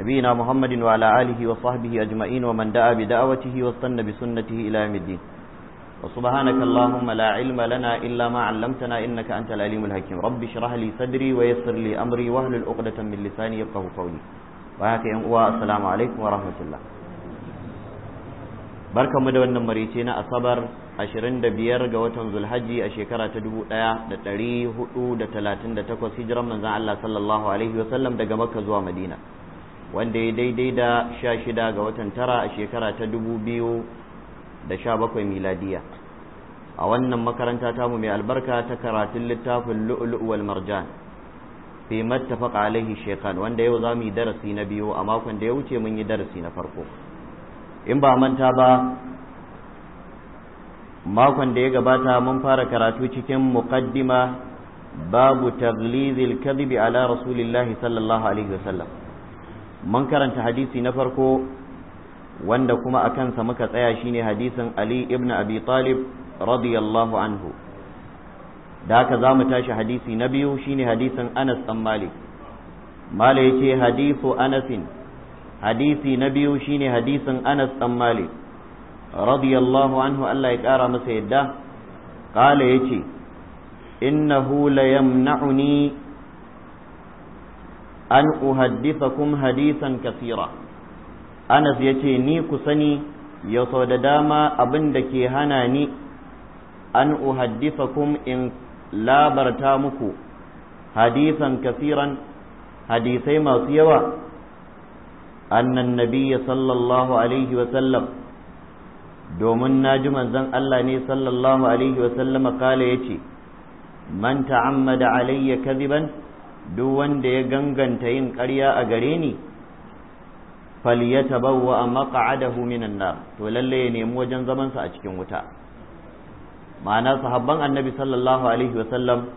نبينا محمد وعلى آله وصحبه أجمعين ومن دعا بدعوته واستنى بسنته إلى يوم الدين وسبحانك اللهم لا علم لنا إلا ما علمتنا إنك أنت العليم الحكيم رب اشرح لي صدري ويسر لي أمري واهلل عقدة من لساني يفقهوا قولي وهكذا السلام عليكم ورحمة الله barka mu da wannan marice na asabar 25 ga watan zulhajji a shekara ta 1438 hijiran manzon Allah sallallahu alaihi wasallam daga makka zuwa madina wanda ya daidai da sha shida ga watan tara a shekara ta dubu biyu da sha bakwai miladiya a wannan makaranta ta mu mai albarka ta karatun littafin lu'ulu'uwal marjan fi faƙa alaihi shekan wanda yau za mu yi darasi na biyu a makon da ya wuce mun yi darasi na farko in ba manta ba makon da ya gabata mun fara karatu cikin muqaddima babu taglizil kadhibi ala rasulillahi sallallahu alaihi wasallam mun karanta hadisi na farko wanda kuma a kansa muka tsaya shine hadisin Ali ibn Abi Talib radiyallahu anhu da ka za mu tashi hadisi na biyu shine hadisin Anas ɗan Malik Mala ya ce hadisu Anasin hadisi na biyu shine hadisin Anas ɗan Malik radiyallahu anhu Allah ya kara masa yadda ƙala ya ce innahu la yamna'uni an uhaddithakum hadisan kasira anas ya ce ni ku sani ya sau da dama abin da ke hana ni an uhaddithakum in labarta muku hadisan kafiran hadisai masu yawa annan nabiya sallallahu alaihi wasallam domin na ji manzon Allah ne sallallahu alaihi wasallama kala ya ce man ta'ammada alayya kadiban duk wanda ya ganganta yin ƙarya a gare ni falyatabawwa da minan nar to lalle ya nemi wajen zaman a cikin wuta ma'ana sahabban annabi sallallahu alaihi wasallam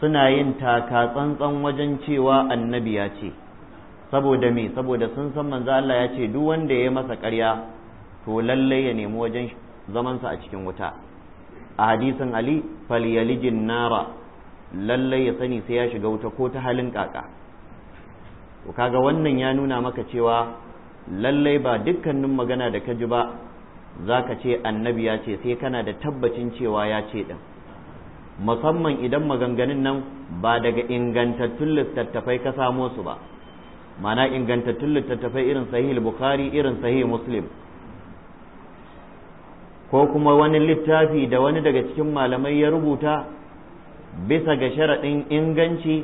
suna yin taka tsantsan wajen cewa annabi ya ce saboda me saboda sun san manzo Allah ya ce duk wanda ya masa ƙarya to lalle ya nemi wajen zamansa a cikin wuta a hadisin ali falyalijin nara lallai ya sani sai ya shiga wuta ko ta halin kaka to kaga wannan ya nuna maka cewa lallai ba dukkanin magana da ka ji ba za ka ce annabi ya ce sai kana da tabbacin cewa ya ce ɗin musamman idan maganganun nan ba daga ingantattun littattafai ka samo su ba mana ingantattun littattafai irin sahih bukhari irin sahih muslim ko kuma wani littafi da wani daga cikin malamai ya rubuta bisa ga sharaɗin inganci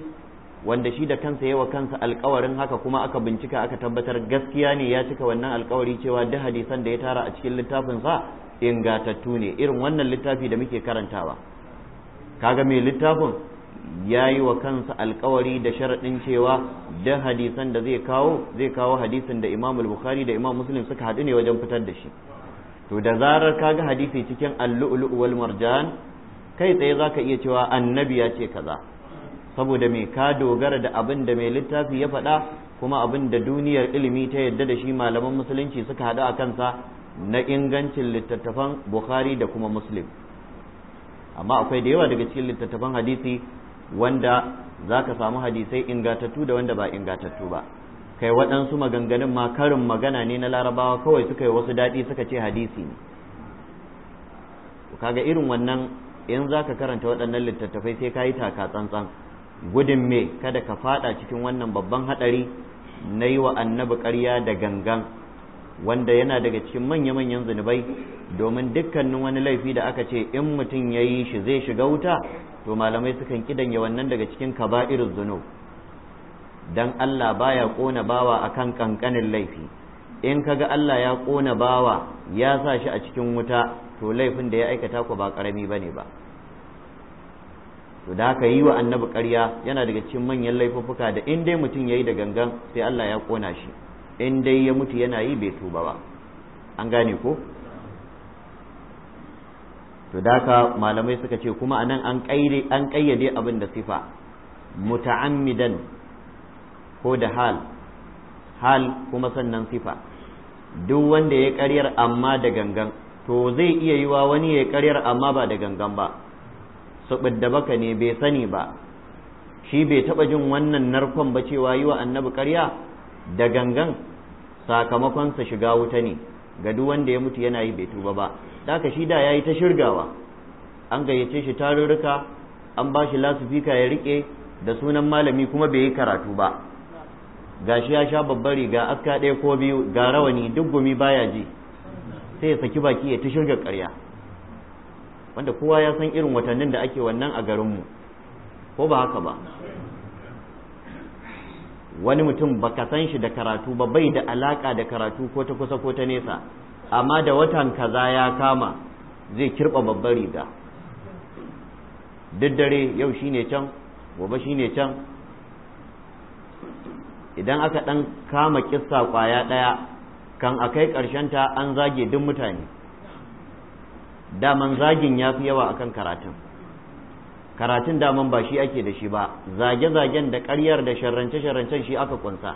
wanda shi da kansa yawa kansa alkawarin haka kuma aka bincika aka tabbatar gaskiya ne ya cika wannan alkawari cewa duk hadisan da ya tara a cikin littafin sa ingatattu ne irin wannan littafi da muke karantawa kaga mai littafin ya yi wa kansa alkawari da sharaɗin cewa duk hadisan da zai kawo zai kawo hadisin da imam bukhari da imam muslim suka haɗu ne wajen fitar da shi to da zarar kaga hadisi cikin allu'ulu wal marjan kai tsaye za ka iya cewa annabi ya ce kaza saboda mai ka dogara da abin da mai littafi ya faɗa kuma abin da duniyar ilimi ta yadda da shi malaman musulunci suka haɗu a kansa na ingancin littattafan bukhari da kuma muslim amma akwai da yawa daga cikin littattafan hadisi wanda za ka samu hadisai ingatattu da wanda ba ingatattu ba kai waɗansu maganganun ma karin magana ne na larabawa kawai suka yi wasu daɗi suka ce hadisi ne kaga irin wannan in za ka karanta waɗannan littattafai sai ka yi taka tsantsan gudun me kada ka fada cikin wannan babban haɗari na yi wa annabi ƙarya da gangan wanda yana daga cikin manya-manyan zunubai domin dukkanin wani laifi da aka ce in mutum ya yi shi zai shiga wuta to malamai sukan kidanya wannan daga cikin kaba'irin zunub dan Allah baya ƙona bawa akan ƙanƙanin laifi in kaga Allah ya ƙona bawa ya sa shi a cikin wuta to laifin da ya aikata ku ba karami bane ba to da ka yi wa annabi ƙarya yana daga cikin manyan laifuffuka da in dai mutum yayi da gangan sai Allah ya kona shi in dai ya mutu yana yi bai tuba ba an gane ko to da ka malamai suka ce kuma anan an kaide an kayyade abin da sifa muta'ammidan ko da hal hal kuma sannan sifa duk wanda ya ƙaryar amma da gangan to zai iya yiwa wani ya karyar amma ba da gangan ba su baka ne bai sani ba shi bai taɓa jin wannan narkon ba cewa yiwa annabi karya da gangan sakamakonsa shiga wuta ne ga duk wanda ya mutu yana yi bai tuba ba haka shi da ya yi ta shirgawa an gayyace shi tarurruka an ba shi lasifika ya riƙe da sunan malami kuma bai yi karatu ba gashi ya sha babbar riga aska ɗaya ko biyu ga rawani duk gumi baya ji sai ya saki baki ya ta da ƙarya wanda kowa ya san irin watannin da ake wannan a garinmu ko ba haka ba wani mutum ba ka san shi da karatu ba bai da alaƙa da karatu ko ta kusa ko ta nesa amma da watan kaza ya kama zai kirɓa babbar riga duk dare yau shi ne can gobe shi ne can idan aka ɗan kama kissa ƙwaya ɗaya. kan a kai ta an zage duk mutane daman zagin ya fi yawa akan karatun karatun daman ba shi ake da shi ba zage-zagen da ƙaryar da sharrance-sharrancen shi aka kunsa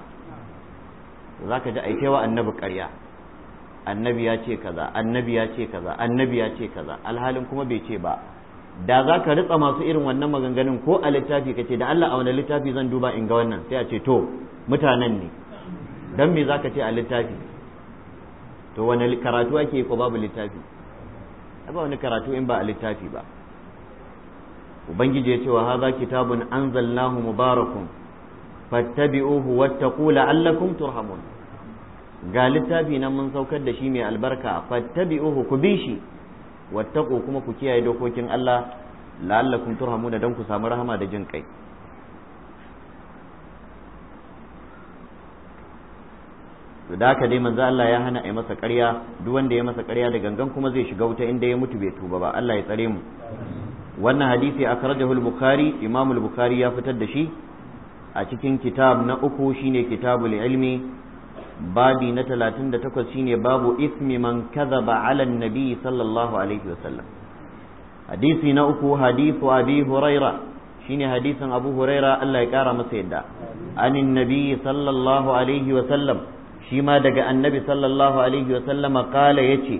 za ka ji aikewa annabi ƙarya annabi ya ce kaza annabi ya ce kaza annabi ya ce kaza alhalin kuma bai ce ba da za ka ritsa masu irin wannan maganganun ko a littafi ka ce da Allah a wani littafi zan duba in ga wannan sai a ce to mutanen ne don me za ka ce a littafi to wani karatu ake ko babu littafi ba wani karatu in ba a littafi ba ubangiji ya ce wa haza kitabun anzalnahu mubarakun fattabi'uhu wattaqu la'allakum turhamun ga littafi nan mun saukar da shi mai albarka fattabi'uhu ku bi shi wattaqu kuma ku kiyaye dokokin Allah la'allakum turhamun dan ku samu rahama da jin kai to da haka dai manzo Allah ya hana a masa ƙarya duk wanda ya masa ƙarya da gangan kuma zai shiga wuta inda ya mutu bai tuba ba Allah ya tsare mu wannan hadisi akhrajahu al-bukhari imam al-bukhari ya fitar da shi a cikin kitab na uku shine kitabul ilmi babi na 38 shine babu ismi man kadhaba ala nabi sallallahu alaihi wasallam hadisi na uku hadithu abi huraira shine hadisin abu huraira Allah ya kara masa yadda anin nabi sallallahu alaihi wasallam shi ma daga annabi sallallahu alaihi wa sallama kala yace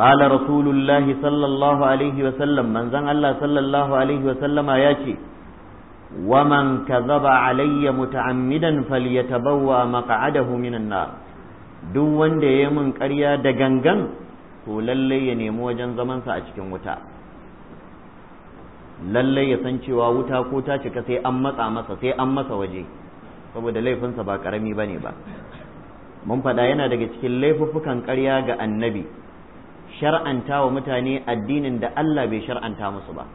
kala rasulullahi sallallahu alaihi wa sallam Allah sallallahu alaihi wa sallama yace wa man kadhaba alayya muta'ammidan falyatabawwa maq'adahu minan nar duk wanda yayi min ƙarya da gangan to lallai ya nemi wajen zaman sa a cikin wuta lallai ya san cewa wuta ko ta cika sai an matsa masa sai an masa waje saboda laifinsa ba karami ne ba mun faɗa yana daga cikin laifuffukan ƙarya ga annabi shar'anta wa mutane addinin da Allah bai shar'anta musu ba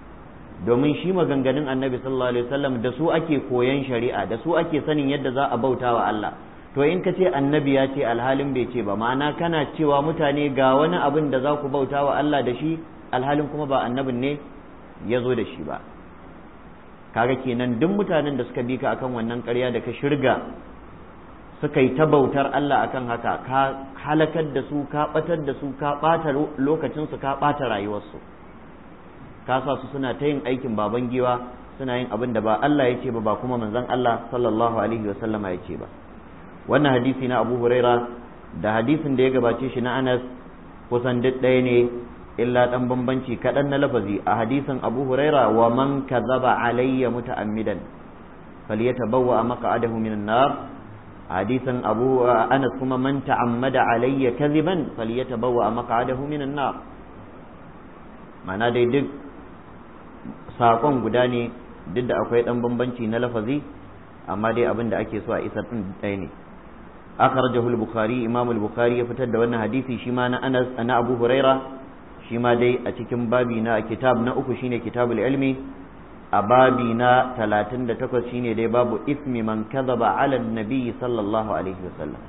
domin shi maganganun annabi sallallahu alaihi wasallam da su ake koyan shari'a da su ake sanin yadda za a bauta wa Allah to in ka ce annabi ya ce alhalin bai ce ba ma'ana kana cewa mutane ga wani abin da za ku bauta wa Allah da shi alhalin kuma ba annabin ne ya zo da shi ba kaga kenan duk mutanen da suka bi ka akan wannan ƙarya da ka shirga suka yi ta bautar Allah akan haka ka halakar da su ka batar da su ka bata lokacin ka bata rayuwarsu ka sa su suna ta yin aikin baban giwa suna yin abin da ba Allah ya ce ba ba kuma manzon Allah sallallahu alaihi wa sallama ya ce ba wannan hadisi na Abu Huraira da hadisin da ya gabace shi na Anas kusan duk ɗaya ne illa dan bambanci kaɗan na lafazi a hadisin abu huraira wa man kazaba alayya muta'ammidan falyatabawwa maq'adahu minan nar hadisin abu anas kuma man ta'ammada alayya kadhiban falyatabawwa maq'adahu minan nar mana dai duk sakon guda ne duk da akwai dan bambanci na lafazi amma dai abinda ake so a isar ɗin ɗaya ne akhrajahu al-bukhari ya fitar da wannan hadisi shi ma na anas abu huraira shi ma dai a cikin babi na kitab na uku shine kitabul ilmi a babi na takwas shine dai babu ismi man kadhaba ala nabi sallallahu alaihi wasallam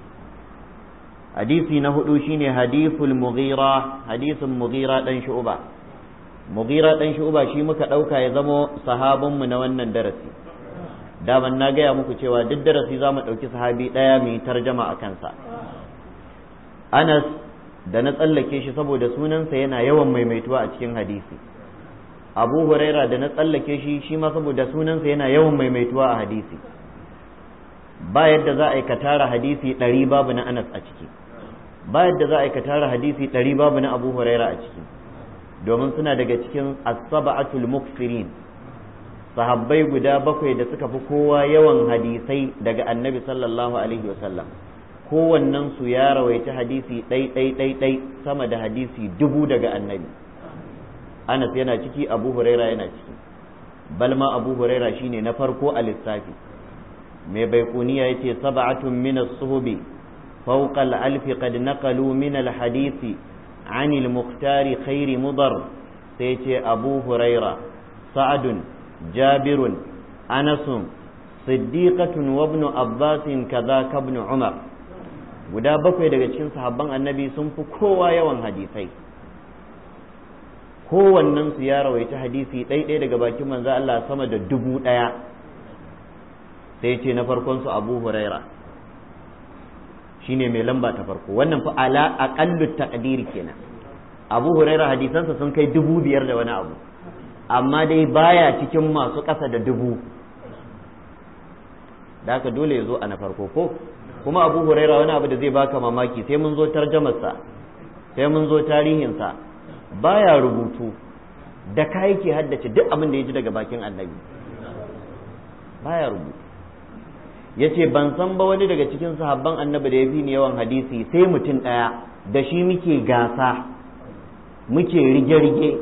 hadisi na hudu shine hadithul mughira hadithun mughira dan shu'ba mughira dan shu'ba shi muka dauka ya zamo sahabun mu na wannan darasi daman na gaya muku cewa duk darasi za mu ɗauki sahabi ɗaya mai tarjama a kansa anas da na tsallake shi saboda sunansa yana yawan maimaituwa a cikin hadisi abu huraira da na tsallake shi shi ma saboda sunansa yana yawan maimaituwa a hadisi ba yadda za a yi ka tara hadisi ɗari babu na anas a ciki ba yadda za a yi ka tara hadisi ɗari babu na abu huraira a ciki domin suna daga cikin asaba'atul mukfirin sahabbai guda bakwai da suka fi kowa yawan hadisai daga annabi sallallahu alaihi wasallam kowannen su ya rawaita hadisi ɗai ɗai ɗai ɗai sama da hadisi dubu daga annabi anas yana ciki abu huraira yana ciki balma abu huraira shine na farko a lissafi mai baikuniya yace sab'atun min as-suhubi fawqa al-alf qad naqalu min al-hadisi عن المختار خير مضر سيتي abu هريرة sa'adun جابر أنس صديقة wabnu abbasin كذاك ابن umar. guda bakwai daga cikin sahabban annabi sun fi kowa yawan hadisai kowannen su ya rawaita hadisi ɗaiɗai daga bakin manzo Allah sama da dubu ɗaya sai ce na farkon su Abu Huraira shine mai lamba ta farko wannan fa ala aqallu taqdir kenan Abu Huraira hadisansa sun kai dubu biyar da wani abu amma dai baya cikin masu ƙasa da dubu da haka dole ya zo a na farko ko kuma abu huraira wani abu da zai baka mamaki sai mun zo tarjamarsa sai mun zo tarihinsa baya rubutu da ka yake haddace duk abin da ya ji daga bakin annabi baya rubutu ya ce ban san ba wani daga cikin sahabban annabi da ya fi ni yawan hadisi sai mutum ɗaya da shi muke gasa muke rige-rige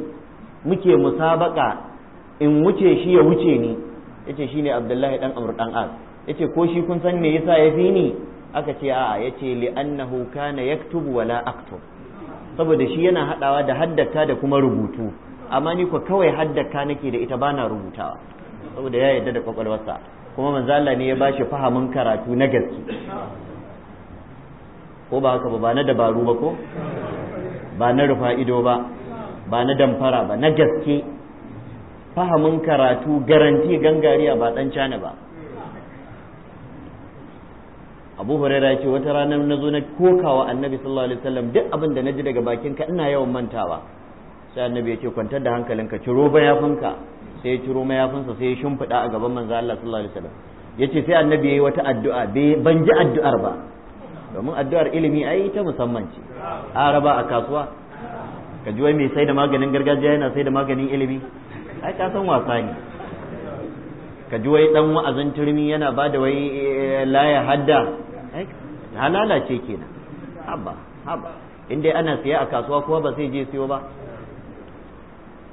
muke musabaka in wuce shi ya wuce ni ya ce shi ne abdullahi ɗan amur ɗan as yace ko shi kun san me yasa ya fi ni aka ce a'a yace annahu kana yaktubu wala aktub saboda shi yana hadawa da haddaka da kuma rubutu amma ni ko kawai haddaka nake da ita bana rubutawa saboda ya yadda da kwakwalwarsa kuma manzo Allah ne ya bashi fahamin karatu na gaske ko ba haka ba na dabaru ba ko ba na rufa ido ba ba na damfara ba na gaske fahamin karatu garanti gangariya ba dan cana ba abu huraira ce wata rana na zo na kokawa annabi sallallahu alaihi wasallam duk abin da na ji daga bakin ka ina yawan mantawa sai annabi yace kwantar da hankalinka ciro ka sai ya ciro sa sai ya shimfiɗa a gaban manzo Allah sallallahu alaihi wasallam yace sai annabi yayi wata addu'a ban ji addu'ar ba domin addu'ar ilimi ai ta musamman ce araba a kasuwa ka ji wai mai sai da maganin gargajiya yana sai da maganin ilimi ai ka san wasa ne ka ji wai dan wa'azin turmi yana ba da wai eh, laya hadda halala ce kenan haba haba indai ana siya a kasuwa kuwa ba sai je siyo ba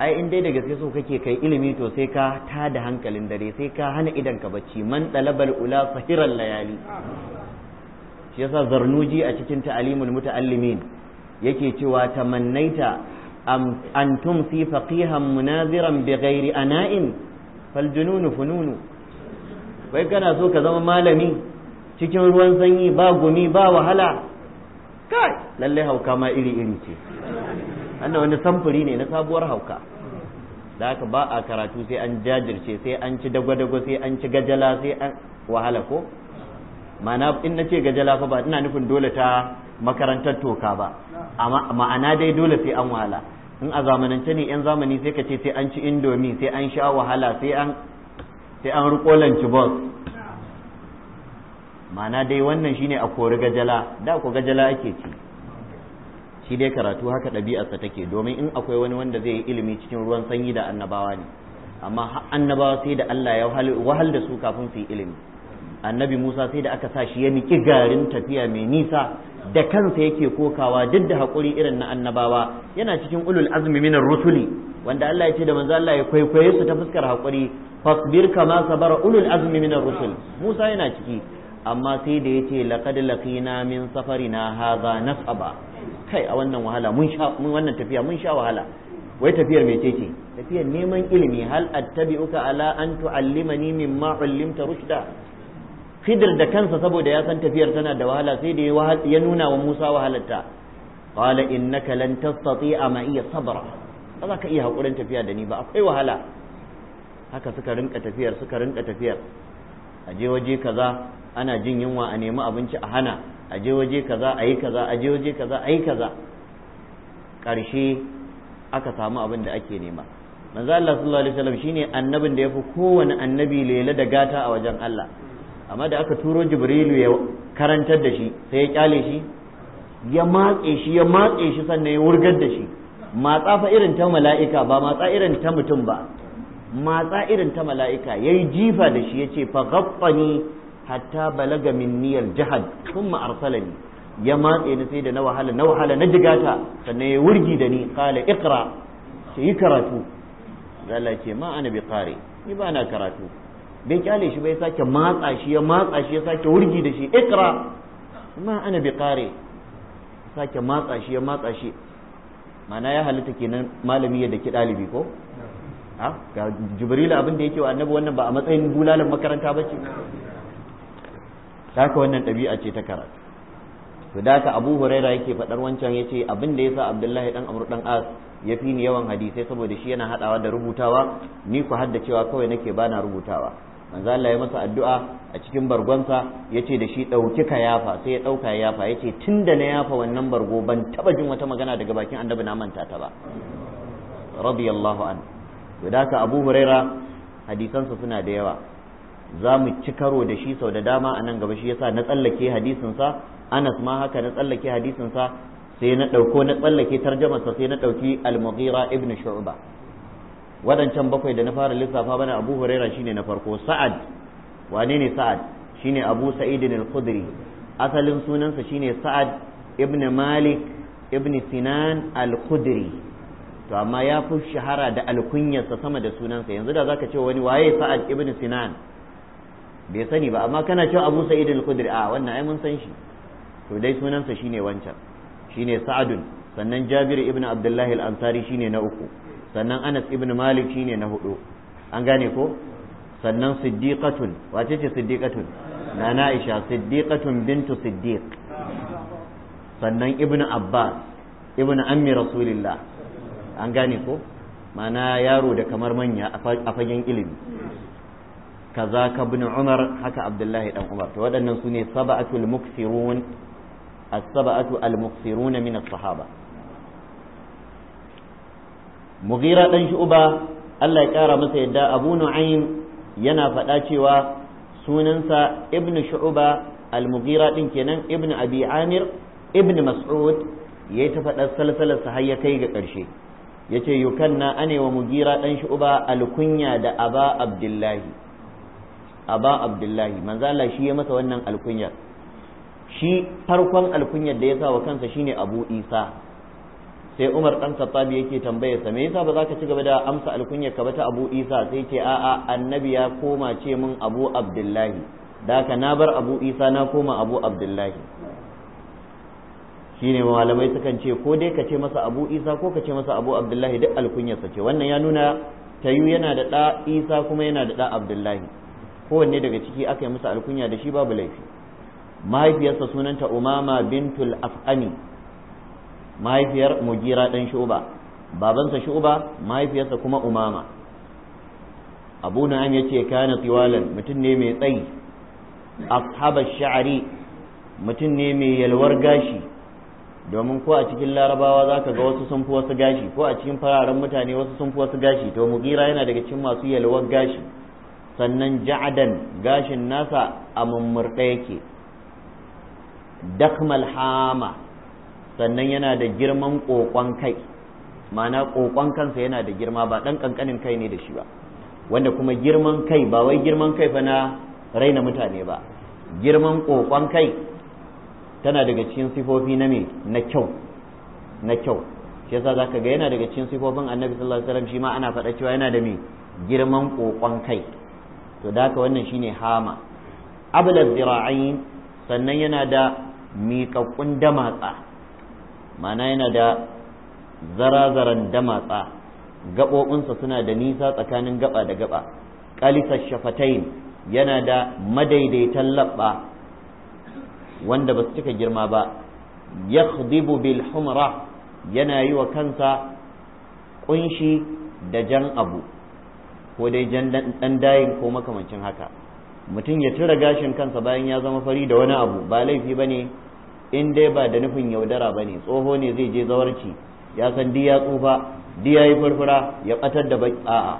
ai indai dai da gaske so kake kai ilimi to sai ka ta da hankalin dare sai ka hana idan ka bacci man dalabal ula sahiran layali shi yasa zarnuji a cikin ta'alimul muta'allimin yake cewa tamannaita an tumsi faqihan munaziran bighairi ana'in fal jununu fununu wai kana so ka zama malami cikin ruwan sanyi ba gumi ba wahala kai lalle hauka ma iri iri ce annan wani samfuri ne na sabuwar hauka da haka ba a karatu sai an jajirce sai an ci dagwadago sai an ci gajala sai an wahala ko ma'ana in na ce gajala fa ba ina nufin dole ta makarantar toka ba ma'ana dai dole sai an wahala in a zamanance ne yan zamani sai ka ce sai an ci indomi sai an sha wahala sai an sai an riko lunch mana dai wannan shine a kori gajala da ku gajala ake ci shi dai karatu haka ɗabi'arsa take domin in akwai wani wanda zai yi ilimi cikin ruwan sanyi da annabawa ne amma annabawa sai da Allah ya wahal da su kafin su yi ilimi annabi Musa sai da aka sa shi ya niki garin tafiya mai nisa da kansa yake kokawa duk da haƙuri irin na annabawa yana cikin ulul azmi minar rusuli wanda Allah ya ce da manzo Allah ya kwaikwaye su ta fuskar haƙuri fasbir kama sabara ulul azmi minar rusul Musa yana ciki amma sai da ce laqad laqina min na hadha nasaba kai a wannan wahala mun wannan tafiya mun sha wahala wai tafiyar mai ce tafiyar neman ilimi hal attabi'uka ala an tu'allimani mimma 'allimta rushda Khidir da kansa saboda ya san tafiyar tana da wahala sai da ya nuna wa Musa wahalarta qala innaka lan tastati'a ma iya sabra ba za ka iya hakurin tafiya da ni ba akwai wahala haka suka rinka tafiyar suka rinka tafiyar a je waje kaza ana jin yunwa a nemi abinci a hana a je waje kaza a yi kaza a je waje kaza a yi kaza ƙarshe aka samu abin da ake nema manzo Allah sallallahu alaihi wasallam shine annabin da yafi kowane annabi lela da gata a wajen Allah amma da aka turo Jibrilu ya karantar da shi sai ya kyale shi ya matse shi ya matse shi sannan ya wurgar da shi matsa fa irin ta mala'ika ba matsa irin ta mutum ba matsa irin ta mala'ika yayi jifa da shi yace fa ghaffani hatta balaga min niyyar jihad thumma arsalani ya matse ni sai da na wahala na wahala na jigata sannan ya wurgi da ni qala iqra ce yi karatu Allah ce ma ana bi qari ni ba na karatu bai kyale shi bai sake matsa shi ya matsa shi ya sake wurgi da shi iqra ma ana bi qari sake matsa shi ya matsa shi mana ya halitta kenan malami yadda ki dalibi ko ha ga jibril abin da yake wa annabi wannan ba a matsayin bulalan makaranta bace haka wannan ɗabi'a ce ta karatu to da ka abu huraira yake faɗar wancan ya ce abin da ya sa abdullahi ɗan amur ɗan as ya fi ni yawan hadisai saboda shi yana haɗawa da rubutawa ni ku cewa kawai nake bana rubutawa manzo Allah ya masa addu'a a cikin bargonsa ya ce da shi ɗauki ka yafa sai ya ɗauka ya yafa ya ce tun da na yafa wannan bargo ban taɓa jin wata magana daga bakin annabi na manta ta ba radiyallahu an to da ka abu huraira hadisansa suna da yawa za mu ci karo da shi sau da dama a nan gaba shi yasa na tsallake hadisinsa anas ma haka na tsallake hadisinsa sai na ɗauko na tsallake tarjamarsa sai na ɗauki al-mughira ibn shu'ba waɗancan bakwai da na fara lissafa bana abu huraira shine na farko sa'ad wane ne sa'ad shine abu sa'idin al-khudri asalin sunansa shine sa'ad ibn malik ibn sinan al-khudri to amma ya fi shahara da alkunyarsa sama da sunansa yanzu da zaka ce wani waye sa'ad ibn sinan bai sani ba amma kana cewa abu sa'id al-khudri a ah, wannan ai mun san shi to dai sunansa shine wancan shine sa'adun sannan jabir ibn abdullahi al-ansari shine na uku sannan anas ibn malik shine na hudu an gane ko sannan siddiqatun wace ce siddiqatun na aisha siddiqatun bintu siddiq sannan ibn abbas ibn ammi rasulillah an gane ko mana yaro da kamar manya a fagen ilimi kaza ka bin umar haka abdullahi dan umar to waɗannan su ne saba'atul muksirun as-saba'atu al-muksiruna min as-sahaba mughira dan shu'ba Allah ya kara masa yadda Abu Nu'aym yana faɗa cewa sunansa ibnu Shu'ba al-Mughira din kenan Ibn Abi Amir Ibn Mas'ud yayi ta faɗa salsalar sa har ya kai ga ƙarshe yace yukanna anewa mugira dan shu'ba alkunya da aba abdullahi aba abdullahi manzo Allah shi ya masa wannan alkunyar shi farkon alkunyar da ya sa wa kansa shine abu isa sai umar dan khattabi yake tambaye sa me yasa ba za ka ci gaba da amsa alkunyar ka ba ta abu isa sai ce a'a annabi ya koma ce min abu abdullahi da ka na bar abu isa na koma abu abdullahi shine malamai sukan ce ko dai ka ce masa abu isa ko ka ce masa abu abdullahi duk alkunyarsa ce wannan ya nuna tayu yana da ɗa isa kuma yana da ɗa abdullahi kowanne daga ciki aka yi masa alkunya da shi babu laifi mahaifiyarsa sunanta umama bintul af'ani mahaifiyar mugira dan shuba babansa shuba mahaifiyarsa kuma umama abu na'am yace kana tiwalan mutum ne mai tsayi ashaba sha'ari mutum ne mai yalwar gashi domin ko a cikin larabawa za ka ga wasu sun fi wasu gashi ko a cikin fararen mutane wasu sun fi wasu gashi to mugira yana daga cikin masu yalwar gashi sannan ja'adan gashin nasa a mummurɗe yake dakmal hama sannan yana da girman ƙoƙon kai ma'ana ƙoƙon kansa yana da girma ba ɗan ƙanƙanin kai ne da shi ba wanda kuma girman kai ba wai girman kai fa na raina mutane ba girman ƙoƙon kai tana daga cikin sifofi na me na kyau na kyau shi yasa zaka ga yana daga cikin sifofin annabi sallallahu alaihi wasallam shi ma ana faɗa cewa yana da me girman kokon kai to da haka wannan shine hama abla zira'ain sannan yana da miƙaƙƙun damatsa ma'ana yana da zarazaran damatsa gaɓoɓinsa suna da nisa tsakanin gaba da gaba ƙalisar shafatain yana da madaidaitan labba wanda ba su cika girma ba ya bil humra yana yi wa kansa ƙunshi da jan abu ko dai dan dayin ko makamancin haka mutum ya cire gashin kansa bayan ya zama fari da wani abu ba laifi ba ne in dai ba da nufin yaudara ba ne tsoho ne zai je zawarci ya san diya tsufa diya yi furfura ya batar da baki a'a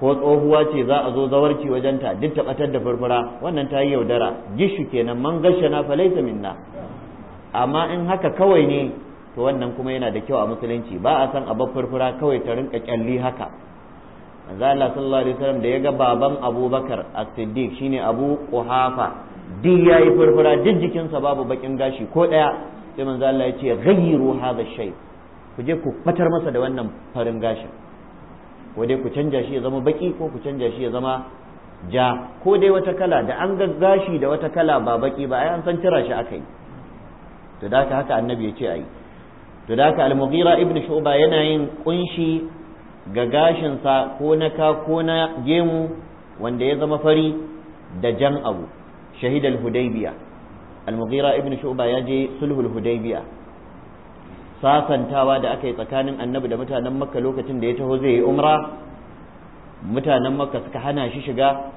ko tsohuwa ce za a zo zawarci wajenta duk ta batar da furfura wannan ta yi yaudara gishu kenan man na fa laysa minna amma in haka kawai ne to wannan kuma yana da kyau a musulunci ba a san a bar furfura kawai ta rinka kyalli haka manzo Allah sallallahu alaihi wasallam da ya ga baban Abubakar As-Siddiq shine Abu Quhafa duk yayi furfura duk jikinsa babu bakin gashi ko daya sai manzo Allah ya ce ghayyiru hadha shay ku je ku batar masa da wannan farin gashi ko dai ku canja shi ya zama baki ko ku canja shi ya zama ja ko dai wata kala da an ga gashi da wata kala ba baki ba ai an san cira shi akai to da haka annabi ya ce ai to da haka al-Mughira ibn Shu'ba yana yin kunshi ga gashinsa ko na ka ko na gemu wanda ya zama fari da jan abu shahidal hudaybiya al-mughira ibn shu'ba ya je sulhul hudaybiya sasantawa da aka yi tsakanin annabi da mutanen makka lokacin da ya taho zai yi umra mutanen makka suka hana shi shiga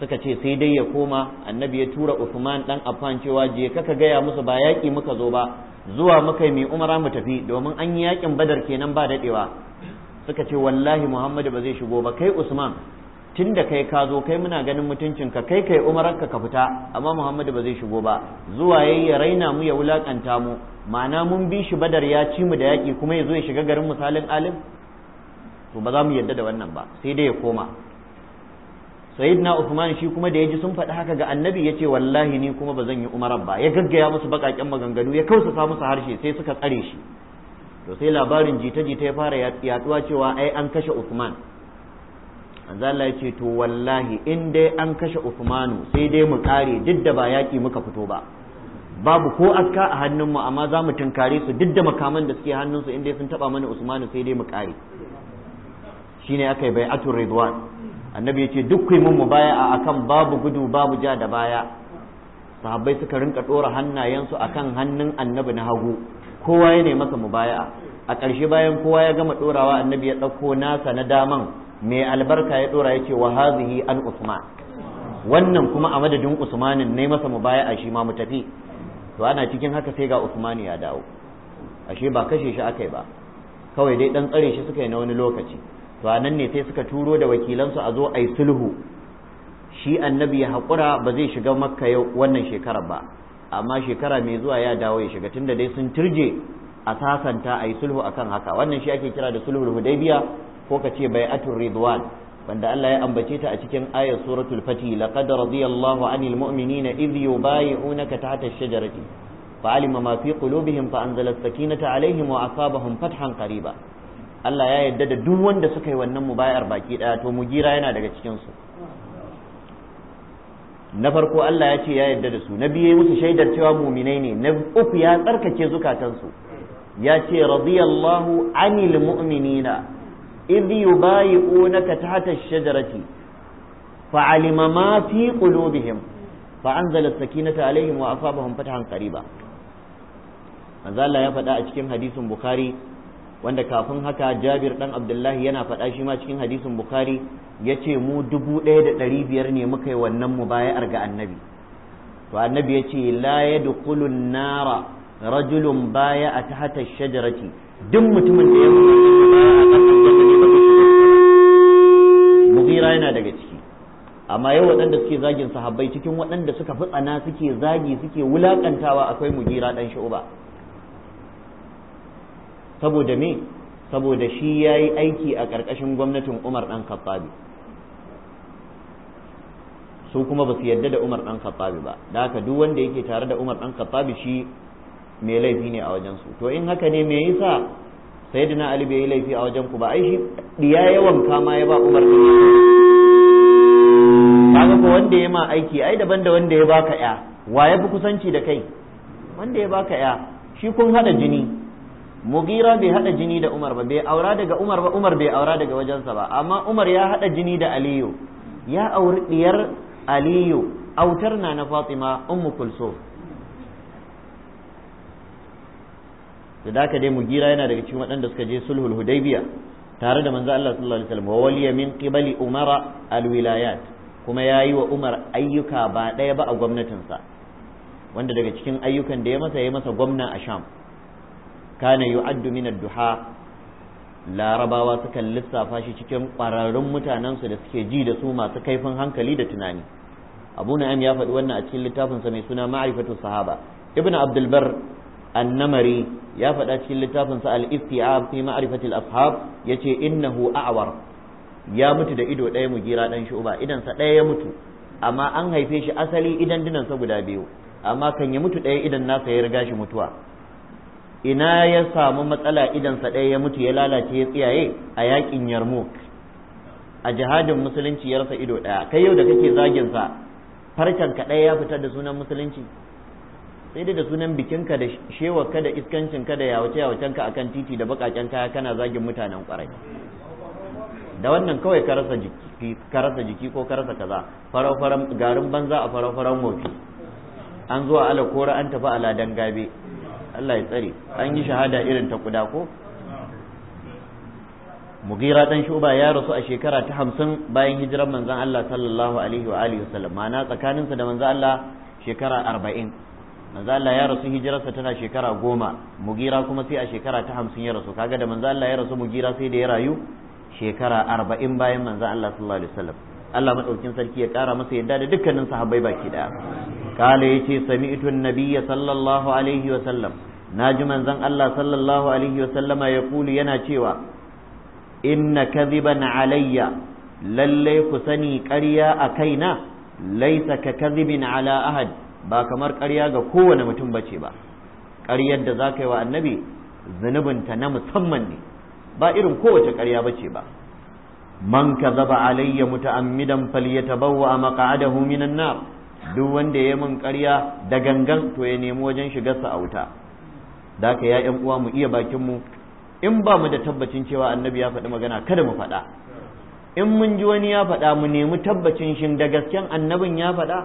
suka ce sai dai ya koma annabi ya tura usman dan Affan cewa je kaka gaya musu ba yaƙi muka zo ba zuwa muka mai umara mu tafi domin an yi yaƙin badar kenan ba daɗewa suka ce wallahi muhammadu ba zai shigo ba kai usman tun da kai ka zo kai muna ganin mutuncinka kai kai umararka ka fita amma muhammadu ba zai shigo ba zuwa ya ya raina mu ya wulakanta mu ma'ana mun bi shi badar ya ci mu da yaƙi kuma ya zo ya shiga garin misalin alim to ba za mu yadda da wannan ba sai dai ya koma sayyidina usman shi kuma da ya ji sun faɗi haka ga annabi ya ce wallahi ni kuma ba zan yi umarar ba ya gaggaya musu baƙaƙen maganganu ya kausa sa musu harshe sai suka tsare shi to sai labarin jita-jita ya fara yaduwa cewa ai an kashe Uthman manzo Allah ya ce to wallahi in dai an kashe Uthmanu sai dai mu kare duk da ba yaki muka fito ba babu ko aska a hannunmu amma za mu tunkare su duk da makaman da suke hannun su in dai sun taba mana Usmanu sai dai mu kare shine aka yi bai'atul ridwan annabi ya ce duk mu mun a akan babu gudu babu ja da baya sahabbai suka rinka dora hannayensu akan hannun annabi na hagu kowa ya ne masa mubaya'a a ƙarshe bayan kowa ya gama ɗorawa annabi ya ɗauko nasa na daman mai albarka ya ɗora ya ce wa hazihi an usman wannan kuma a madadin usmanin ne masa mubaya'a shi ma mu tafi to ana cikin haka sai ga Usman ya dawo ashe ba kashe shi akai ba kawai dai ɗan tsare shi suka yi na wani lokaci to a nan ne sai suka turo da wakilansu a zo a yi sulhu shi annabi ya haƙura ba zai shiga makka yau wannan shekarar ba amma shekara mai zuwa ya dawo ya shiga tunda dai sun turje a sasanta a yi sulhu akan haka wannan shi ake kira da sulhul hudaybiya ko ka ce bai'atul ridwan wanda Allah ya ambace ta a cikin ayar suratul fati laqad radiyallahu anil mu'minina idh yubayi'unaka tahta ash-shajarati fa'alima ma fi qulubihim fa anzala as-sakinata alaihim wa asabahum fathan qariba Allah ya yadda da duk wanda suka yi wannan mubayar baki daya to gira yana daga cikin su na farko Allah ya ce ya yarda da su na biye musu shaidar cewa muminai ne na uku ya tsarkake zukatansu ya ce radiyallahu anil mu'minina idh yubayi'unaka tahta ash-shajarati fa'alima ma fi qulubihim فأنزل السكينة عليهم وأصابهم فتحا قريبا manzo Allah ya faɗa a cikin hadisin Bukhari wanda kafin haka jabir dan abdullahi yana faɗa shi ma cikin hadisin bukhari ya ce mu dubu ɗaya da ɗari biyar ne muka yi wannan mubaya'ar ga annabi to annabi ya ce la ya nara rajulun baya a ta hata shajarati duk mutumin da ya mugira yana daga ciki amma yau waɗanda suke zagin sahabbai cikin waɗanda suka fi tsana suke zagi suke wulakantawa akwai mugira ɗan shu'uba saboda me saboda shi ya yi aiki a ƙarƙashin gwamnatin umar ɗan khattabi su kuma ba su yadda da umar ɗan khattabi ba da haka duk wanda yake tare da umar ɗan khattabi shi mai laifi ne a wajensu to in haka ne me yasa sayyidina ali bai yi laifi a wajen ku ba ai shi diya yawan kama ya ba umar ɗan kaga ko wanda ya ma aiki ai daban da wanda ya baka ya wa ya fi kusanci da kai wanda ya baka ya shi kun hada jini mugira bai hada jini da umar ba bai aura daga umar ba umar bai aura daga wajensa ba amma umar ya hada jini da aliyu ya auri ɗiyar aliyu autar na na fatima ummu kulsum da da dai mugira yana daga cikin waɗanda suka je sulhul hudaybiya tare da manzo Allah sallallahu alaihi wasallam wa waliya min qibali umara alwilayat kuma ya yi wa umar ayyuka ba ɗaya ba a gwamnatinsa wanda daga cikin ayyukan da ya masa ya masa gwamna a sham kana yu'addu min ad-duha larabawa sukan lissafa shi cikin ƙwararrun mutanensu da suke ji da su masu kaifin hankali da tunani abu na'am ya faɗi wannan a cikin littafinsa mai suna ma'rifatu sahaba ibnu abdulbar annamari ya faɗa cikin littafinsa al-istiab fi ma'rifati al-ashab yace innahu a'war ya mutu da ido ɗaya mugira ɗan shuba idan sa ɗaya ya mutu amma an haife shi asali idan dinan sa guda biyu amma kan ya mutu ɗaya idan nasa ya riga shi mutuwa ina ya samu matsala idansa ɗaya ya mutu ya lalace ya tsiyaye a yakin yarmouk a jihadin musulunci ya rasa ido ɗaya kai yau da kake zagin sa farkan ka ɗaya ya fita da sunan musulunci sai dai da sunan bikinka da shewarka da iskancinka da yawace ka akan titi da bakaken kaya kana zagin mutanen kwarai da wannan kawai ka rasa jiki ka rasa jiki ko ka rasa kaza garin banza a farau faran mofi an zuwa ala kora an tafi ala dangabe Allah ya tsare an yi shahada irin ta kuda ko mugira dan shuba ya rasu a shekara ta hamsin bayan hijirar manzon Allah sallallahu alaihi wa alihi wasallam ma'ana tsakaninsa da manzon Allah shekara arba'in manzon Allah ya rasu hijirarsa tana shekara goma mugira kuma sai a shekara ta hamsin ya rasu kaga da manzon Allah ya rasu mugira sai da ya rayu shekara arba'in bayan manzon Allah sallallahu alaihi wasallam Allah madaukin sarki ya kara masa yadda da dukkanin sahabbai baki daya kale yace sami'tu an-nabiyya sallallahu alaihi wa sallam na ji manzon Allah sallallahu alaihi wasallama ya kulu yana cewa inna kadhiban alayya lalle ku sani ƙarya a kaina laisa ka kadhibin ala ahad ba kamar ƙarya ga kowane mutum bace ba ƙaryar da ka yi wa annabi zunubinta na musamman ne ba irin kowace ƙarya bace ba man kadhaba alayya muta'ammidan falyatabawwa maq'adahu minan nar duk wanda ya mun ƙarya da gangan to ya nemi wajen shigarsa a wuta da haka ya yan uwa mu iya bakin mu in ba mu da tabbacin cewa annabi ya faɗi magana kada mu faɗa in mun ji wani ya faɗa mu nemi tabbacin shin da gasken annabin ya faɗa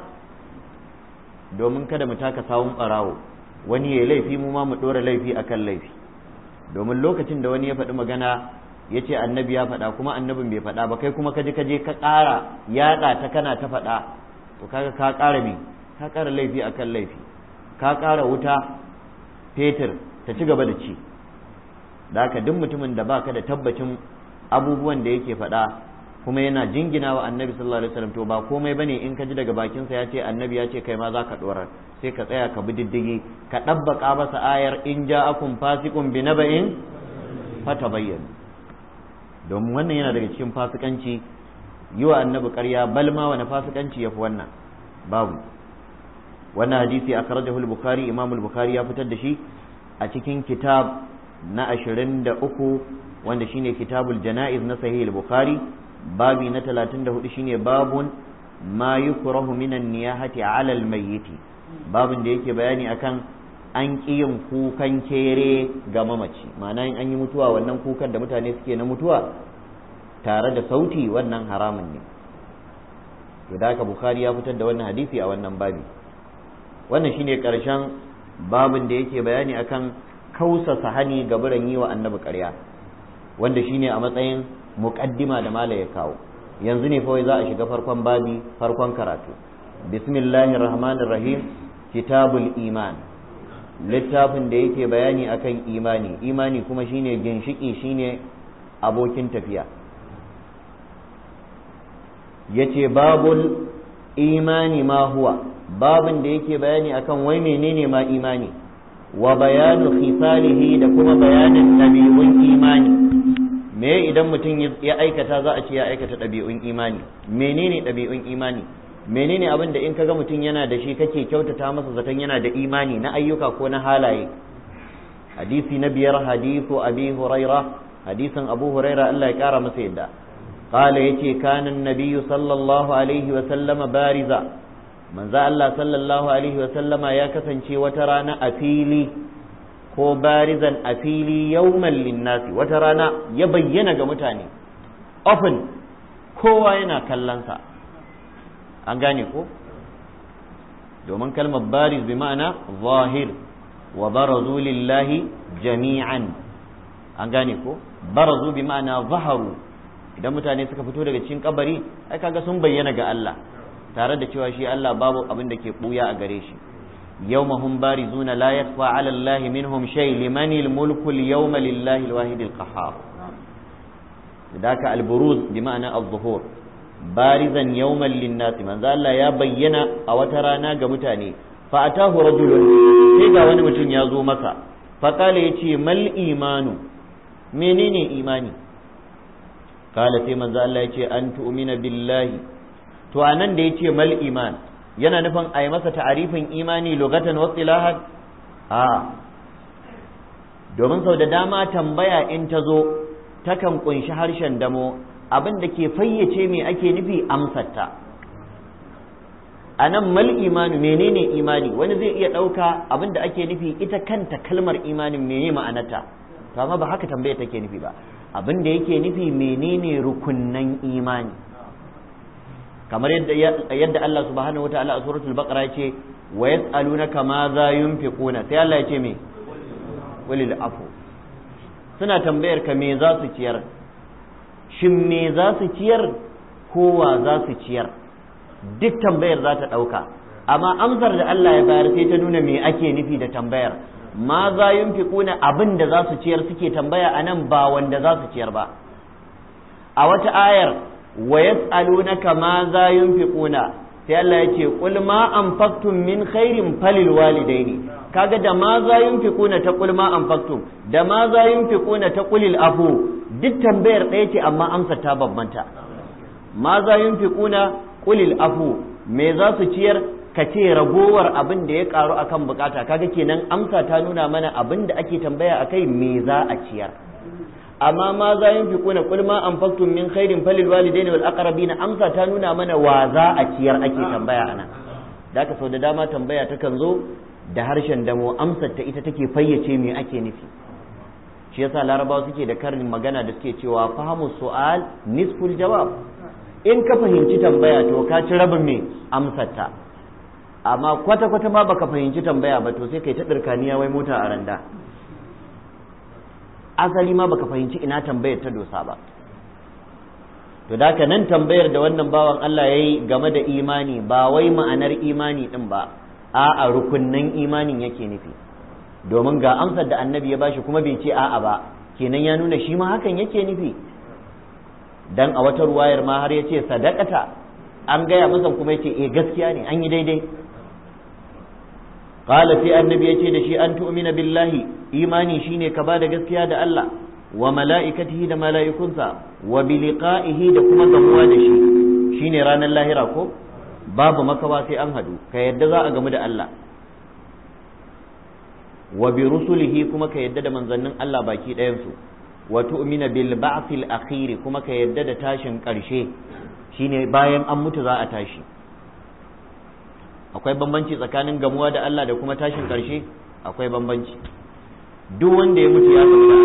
domin kada mu taka sawun ɓarawo wani ya laifi mu ma mu ɗora laifi akan laifi domin lokacin da wani ya faɗi magana ya ce annabi ya faɗa kuma annabin bai faɗa ba kai kuma kaje kaje ka ƙara yaɗa ta kana ta faɗa to kaga ka ƙara me ka ƙara laifi akan laifi ka ƙara wuta fetur ta ci gaba da ci da haka duk mutumin da baka da tabbacin abubuwan da yake faɗa kuma yana jingina wa annabi sallallahu alaihi wasallam to ba komai bane in ka ji daga bakinsa ya ce annabi ya ce kai ma za ka dorar sai ka tsaya ka bi diddigi ka ɗabbaka masa ayar in ja'akum fasiqun bi naba'in fatabayyan domin wannan yana daga cikin fasikanci yi wa annabi ƙarya balma wani fasikanci ya fi wannan babu wannan hadisi a al-bukhari imam al-bukhari ya fitar da shi a cikin kitab na 23 wanda shine kitabul janaiz na sahih al-bukhari babi na 34 shine babun ma yukrahu minan niyahati ala al-mayyit babin da yake bayani akan an yin kukan kere ga mamaci ma'ana in an yi mutuwa wannan kukan da mutane suke na mutuwa tare da sauti wannan haramun ne to da haka bukhari ya fitar da wannan hadisi a wannan babi wannan shine karshen babin da yake bayani akan kausa sahani ga biran yi wa annabi ƙarya wanda shine a matsayin muqaddima da mala ya kawo yanzu ne kawai za a shiga farkon babi farkon karatu bismillahir rahmanir rahim kitabul iman littafin da yake bayani akan imani imani kuma shine ginshiki shine abokin tafiya yace babul imani ma huwa babin da yake bayani akan wai menene ma imani wa bayanu khisalihi da kuma bayanin ɗabi'un imani me idan mutum ya aikata za a ce ya aikata ɗabi'un imani menene ɗabi'un imani menene abin da in kaga mutum yana da shi kake kyautata masa zaton yana da imani na ayyuka ko na halaye hadisi na biyar hadisu abi huraira hadisin abu huraira Allah ya kara masa yadda قال يتي كان النبي صلى الله عليه وسلم بارزا من ذا الله صلى الله عليه وسلم يا كسنشي وترانا أفيلي هو بارزا أفيلي يوما للناس وترانا يبين جمتاني أفن kowa yana kallonsa أغاني gane ko domin kalmar bariz bi ma'ana zahir wa barazu lillahi jami'an an gane ko barazu bi ma'ana zaharu idan mutane suka fito daga cikin kabari ai kaga sun bayyana ga Allah tare da cewa shi Allah babu abin da ke buya a gare shi yawma hum barizuna la yakfa ala Allah minhum shay limanil mulku al-yawma lillahi al-wahid al-qahhar daka al bi ma'ana zuhur barizan yawman lin-nas Allah ya bayyana a wata rana ga mutane fa atahu rajulun sai ga wani mutum ya zo masa fa kale yace mal imanu menene imani kala sai manzo Allah ya ce an tu'mina billahi to anan da yace mal iman yana nufin a masa ta'arifin imani lugatan wa ilaha a domin sau da dama tambaya in ta zo takan kunshi harshen damo abin da ke fayyace me ake nufi amsarta a nan mal imanu menene imani wani zai iya ɗauka abin da ake nufi ita kanta kalmar imanin menene ma'anarta to amma ba haka tambaya take nufi ba abin da yake nufi menene rukunnan imani kamar yadda Allah subhanahu wataala a suratul baqara yace wa yas'alunaka kama za yunfiquna sai Allah ce me walil afu suna tambayar ka me za su ciyar shin me za su ciyar kowa za su ciyar duk tambayar za ta ɗauka amma amsar da Allah ya bayar sai ta nuna me ake nufi da tambayar ma za yunfiquna abin da za su ciyar suke tambaya a nan ba wanda za su ciyar ba a wata ayar wa yas'alunaka ma za yunfiquna sai Allah ce qul ma anfaqtum min khairin falil walidaini kaga da ma za yunfiquna ta qul ma anfaqtum da ma za ta qulil afu duk tambayar ɗaya ce amma amsa ta bambanta ma za yunfiquna qulil afu me za su ciyar ka ce ragowar abin da ya karu akan bukata kaga kenan amsa ta nuna mana abin da ake tambaya akai me za a ciyar amma ma za yin fi kuna kulma an faktun min khairin falil walidaini wal aqrabina amsa ta nuna mana wa za a ciyar ake tambaya ana da aka sau da dama tambaya takan zo da harshen damo amsar ta ita take fayyace me ake nufi shi yasa larabawa suke da karin magana da suke cewa fahimu su'al nisful jawab in ka fahimci tambaya to ka ci rabin me ta. amma kwata-kwata ma baka fahimci tambaya ba to sai kai ta ɗirkaniya wai mota a randa asali ma baka fahimci ina tambayar ta dosa ba to da nan tambayar da wannan bawan Allah ya yi game da imani ba wai ma'anar imani din ba a'a rukunnan imanin yake nufi domin ga amsar da annabi ya bashi kuma bai ce a ba kenan ya nuna shi ma hakan yake nufi dan a wata ruwayar ma har ya ce sadakata an gaya masa kuma ya ce eh gaskiya ne an yi daidai qala sai annabi ce da shi an tu'umina billahi imani shine ka ba da gaskiya da Allah wa mala'ikatihi da mala'ikunsa wa bi da kuma gamuwa da shi shine ranar lahira ko babu makawa sai an haɗu ka yadda za a gamu da Allah wa bi kuma ka yadda da manzannin Allah baki ɗayan wa tu'mina bil ba'thil akhir kuma ka yadda da tashin ƙarshe shine bayan an mutu za a tashi akwai bambanci tsakanin gamuwa da Allah da kuma tashin karshe akwai bambanci duk wanda ya mutu ya sauka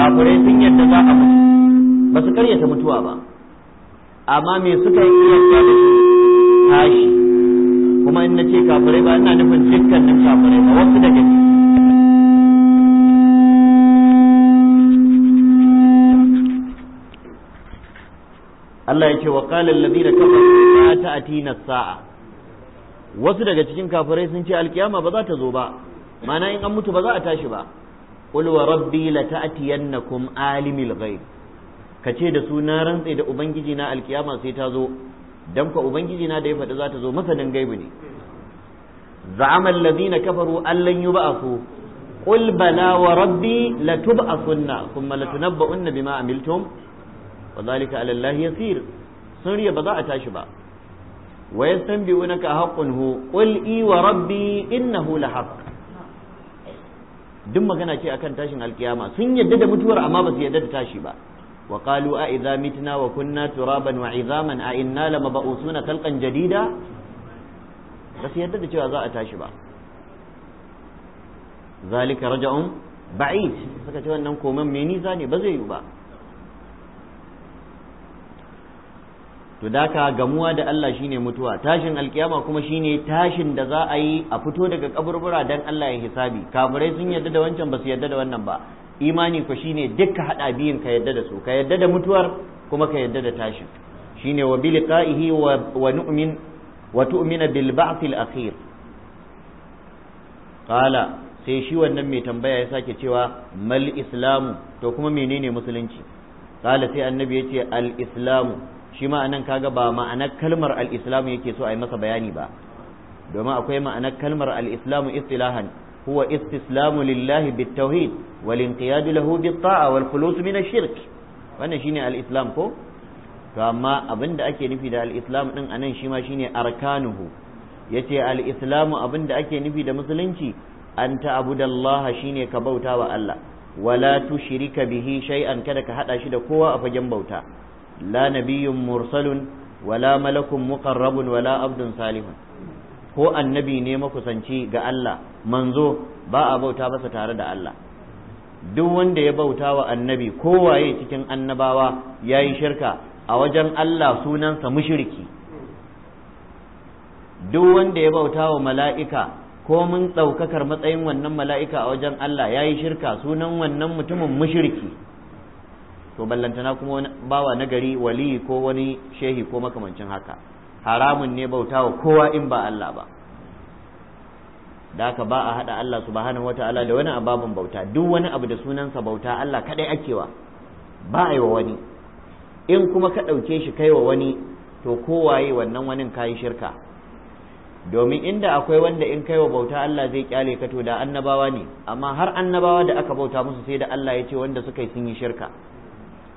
kafirai sun yadda za a mutu ba su karyata mutuwa ba amma me suka yi yadda da su tashi kuma in na ce kafirai ba ina nufin dukkanin kafirai ba wasu daga ciki Allah ya ce wa qala alladhina kafaru la ta'tina sa'a wasu daga cikin kafirai sun ce alkiyama ba za ta zo ba mana in an mutu ba za a tashi ba qul wa rabbi la ta'tiyannakum alimil ghaib kace da su na rantse da ubangiji na alkiyama sai ta zo dan fa ubangiji na da ya faɗi za ta zo masanin gaibi ne za'amal ladina kafaru allan yub'athu qul bala wa rabbi la tub'athunna thumma latunabba'unna bima amiltum wa zalika ala Allah yasir sun riya ba za a tashi ba wa yastanbi'unaka haqqun hu qul i wa rabbi innahu la haqq duk magana ce akan tashin alkiyama sun yarda da mutuwar amma ba su yadda da tashi ba wa qalu a idza mitna wa kunna turaban wa izaman a inna lamab'usuna khalqan jadida ba su yadda da cewa za a tashi ba zalika raja'un ba'id suka ce wannan koman me nisa ne ba zai yi ba to daka gamuwa da Allah shine mutuwa tashin alkiyama kuma shine tashin da za a yi a fito daga kaburbura dan Allah ya hisabi kafirai sun yadda da wancan ba su yadda da wannan ba imani ko shine dukkan hada biyun ka yadda da su ka yadda da mutuwar kuma ka yadda da tashin shine wa biliqaihi wa nu'min wa tu'mina bil ba'th al akhir qala sai shi wannan mai tambaya ya sake cewa mal islamu to kuma menene musulunci qala sai annabi yace al islamu shi ma'anan kaga ba ma'anar kalmar al-islam yake so a yi masa bayani ba domin akwai ma'anar kalmar al-islam istilahan huwa istislamu lillahi bitawhid wal inqiyad lahu bit wal khulus min ash-shirk wannan shine al-islam ko to amma abinda ake nufi da al-islam din anan shi ma shine arkanuhu yace al-islamu abinda ake nufi da musulunci an ta'budallaha shine ka bauta wa Allah wala tushrika bihi shay'an kada ka hada shi da kowa a fagen bauta Lanabiyun mursalun wala malakun muqarrabun wala abdun salihun ko annabi ne makusanci ga Allah manzo ba a bauta masa tare da Allah duk wanda ya bauta wa annabi kowaye cikin annabawa ya yi shirka a wajen Allah sunansa mushriki duk wanda ya bauta wa mala'ika ko mun ɗaukakar matsayin wannan mala'ika a wajen Allah ya yi shirka sunan wannan mutumin mushriki to ballantana kuma bawa nagari wali ko wani shehi ko makamancin haka haramun ne bautawa kowa in ba Allah ba da haka ba a haɗa Allah subhanahu wata'ala da wani ababun bauta duk wani abu da sunansa bauta Allah kadai akewa ba a yi wa wani in kuma ka ɗauke shi kai wa wani to kowaye wannan wani kayi shirka domin inda akwai wanda in kai wa bauta Allah zai kyale ka to da annabawa ne amma har annabawa da aka bauta musu sai da Allah ya ce wanda suka yi sun yi shirka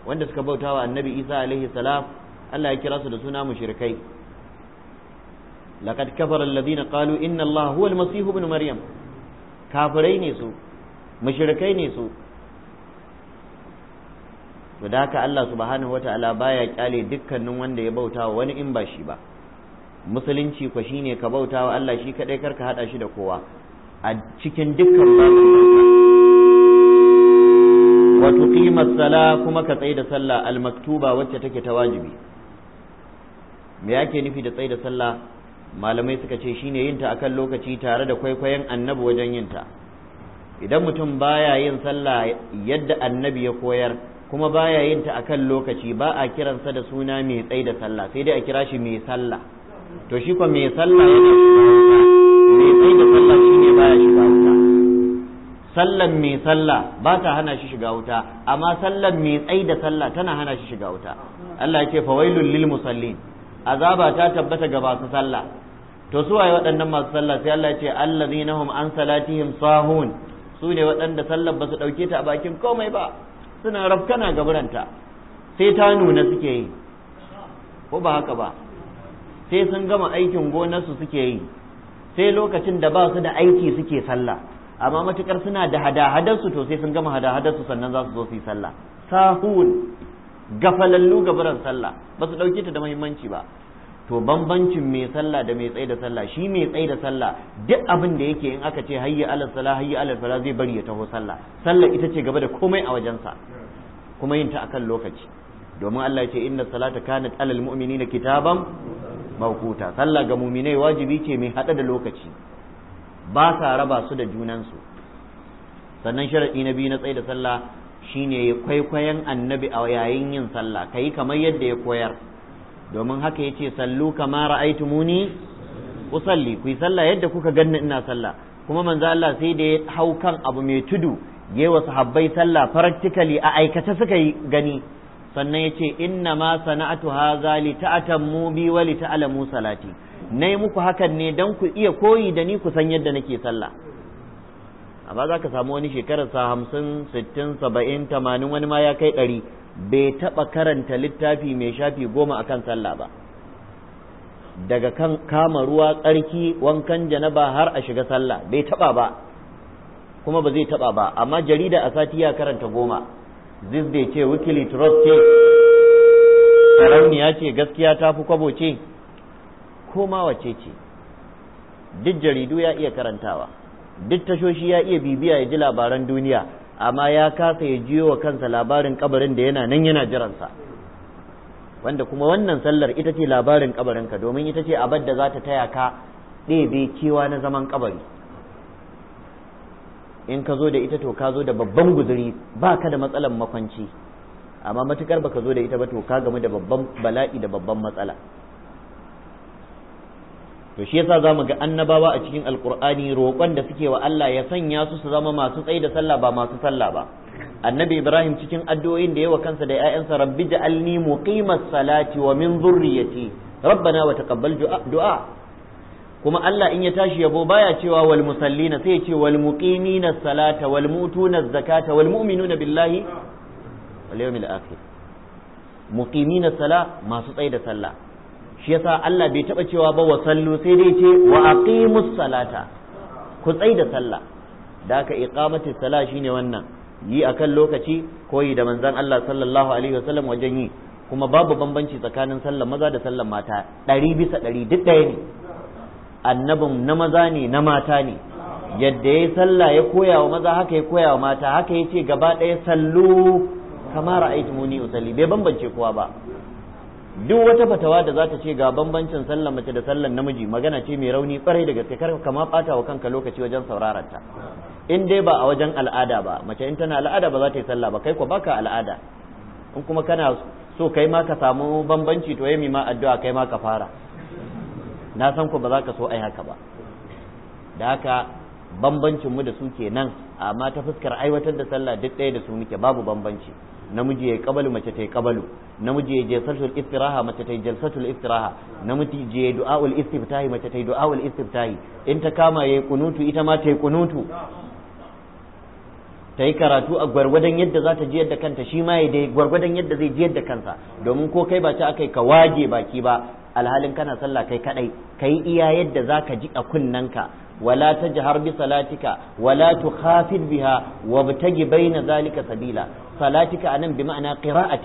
wanda suka bauta wa annabi isa alaihi salam Allah ya kira su da suna mushrikai laqad kafara alladhina qalu inna allaha huwa almasih ibn maryam kafirai ne su mushrikai ne su to da Allah subhanahu wataala baya kyale dukkanin wanda ya bauta wa wani in ba shi ba musulunci ko shine ka bauta wa Allah shi kadai karka hada shi da kowa a cikin dukkan aqimas sala kuma ka tsai da sallah Al-maktuba wacce take ta wajibi me yake nufi da tsai da sallah malamai suka ce shine yin ta akan lokaci tare da kwaikwayon annabi wajen yin ta idan mutum baya yin sallah yadda annabi ya koyar kuma baya yin ta akan lokaci ba a kiransa da suna mai tsai da sallah sai dai a kira shi mai sallah to shi kuma mai sallah yana mai da sallah shine baya shi ba sallan mai sallah ba ta hana shi shiga wuta amma sallan mai tsayi da sallah tana hana shi shiga wuta Allah ya ce fawailul lil musallin azaba ta tabbata ga masu sallah to su waye waɗannan masu sallah sai Allah ya ce allazina hum an salatihim sahun su ne waɗanda sallar ba su dauke ta a bakin komai ba suna rafkana ga buranta sai ta nuna suke yi ko ba haka ba sai sun gama aikin su suke yi sai lokacin da ba su da aiki suke sallah amma matukar suna da hada-hadarsu to sai sun gama hada-hadarsu sannan za su zo su yi sallah sahun gafalallu gabaran sallah ba su ɗauke ta da muhimmanci ba to bambancin mai sallah da mai tsaye da sallah shi mai tsaye da sallah duk abin da yake in aka ce hayya alal sala hayya alal fala zai bari ya taho sallah sallah ita ce gaba da komai a wajen sa kuma yin ta akan lokaci domin Allah ya ce inna salata kanat alal mu'minina kitaban mawquta sallah ga mu'minai wajibi ce mai hada da lokaci ba sa raba su da junansu sannan sharaɗi na biyu na tsaye da sallah shine ya kwaikwayon annabi a yayin yin sallah kayi kamar yadda ya koyar domin haka yace sallu kama ra'aytumuni usalli ku sallah yadda kuka ganni ina sallah kuma manzo Allah sai da ya hau kan abu mai tudu yayi wa sahabbai sallah practically a aikata suka yi gani sannan yace inna ma sana'atu hadha li ta'tammu bi wa li ta'lamu salati na yi muku hakan ne don ku iya koyi da ni ku san yadda nake sallah amma za ka samu wani shekarar sa hamsin sittin saba'in tamanin wani ma ya kai ɗari bai taɓa karanta littafi mai shafi goma akan sallah ba daga kan kama ruwa tsarki wankan janaba har a shiga sallah bai taɓa ba kuma ba zai taɓa ba amma jarida a sati ya karanta goma zizde ce wikili trust ce sarauniya ce gaskiya ta fi kwabo ce koma wace ce duk jaridu ya iya karantawa duk tashoshi ya iya bibiya ya ji labaran duniya amma ya kasa ya jiyo wa kansa labarin kabarin da yana nan yana jiransa wanda kuma wannan sallar ita ce labarin kabarinka domin ita ce abad da za ta taya ka ɗebe kewa na zaman kabari in ka zo da ita to ka zo da babban guzuri ba ka da matsalan makwanci amma matukar ba ka zo da ita ba to ka gamu da babban bala'i da babban matsala to shi yasa zamu ga annabawa a cikin alqur'ani roƙon da suke wa Allah ya sanya su su zama masu tsayi da sallah ba masu sallah ba annabi ibrahim cikin addu'o'in da yawa kansa da 'ya'yansa, rabbi ja'alni muqimas salati wa min dhurriyyati rabbana wa taqabbal du'a kuma Allah in ya tashi yabo baya cewa wal musallina sai ya ce wal muqimina salata wal mutuna zakata wal mu'minuna billahi wal yawmil akhir muqimina sala masu tsayi da sallah shi yasa Allah bai taba cewa ba wa sallu sai dai ce wa aqimus salata ku tsai da sallah da aka iqamati sala shine wannan yi akan lokaci koyi da manzon Allah sallallahu alaihi wasallam wajen yi kuma babu bambanci tsakanin sallar maza da sallar mata ɗari bisa ɗari duk ɗaya ne annabin na maza ne na mata ne yadda ya yi sallah ya koya wa maza haka ya koya wa mata haka ya ce gaba ɗaya sallu kamar ra'aytumuni usalli bai bambance kowa ba duk wata fatawa da za ta ce ga bambancin sallan mace da sallan namiji magana ce mai rauni kwarai daga gaske karka kama bata wa kanka lokaci wajen sauraron ta in dai ba a wajen al'ada ba mace in tana al'ada ba za ta yi sallah ba kai ko baka al'ada in kuma kana so kai ma ka samu bambanci to yayi ma addu'a kai ma ka fara na san ku ba za ka so ai haka ba da haka bambancin mu da su kenan amma ta fuskar aiwatar da sallah duk ɗaya da su muke babu bambanci namiji ya kabalu mace ta yi kabalu namiji ya jalsatul istiraha mace ta yi jalsatul istiraha namiji ya du'aul istiftahi mace ta yi du'aul istiftahi in ta kama ya yi kunutu ita ma ta yi kunutu ta yi karatu a gwargwadon yadda za ta jiyar da kanta shi ma ya dai gwargwadon yadda zai jiyar da kansa domin ko kai ba ta aka ka waje baki ba alhalin kana sallah kai kadai kai iya yadda za ka ji a kunnanka wala تجهر بصلاتك salatika wala بها biha بين baina zalika sabila salatika بمعنى bi ma'ana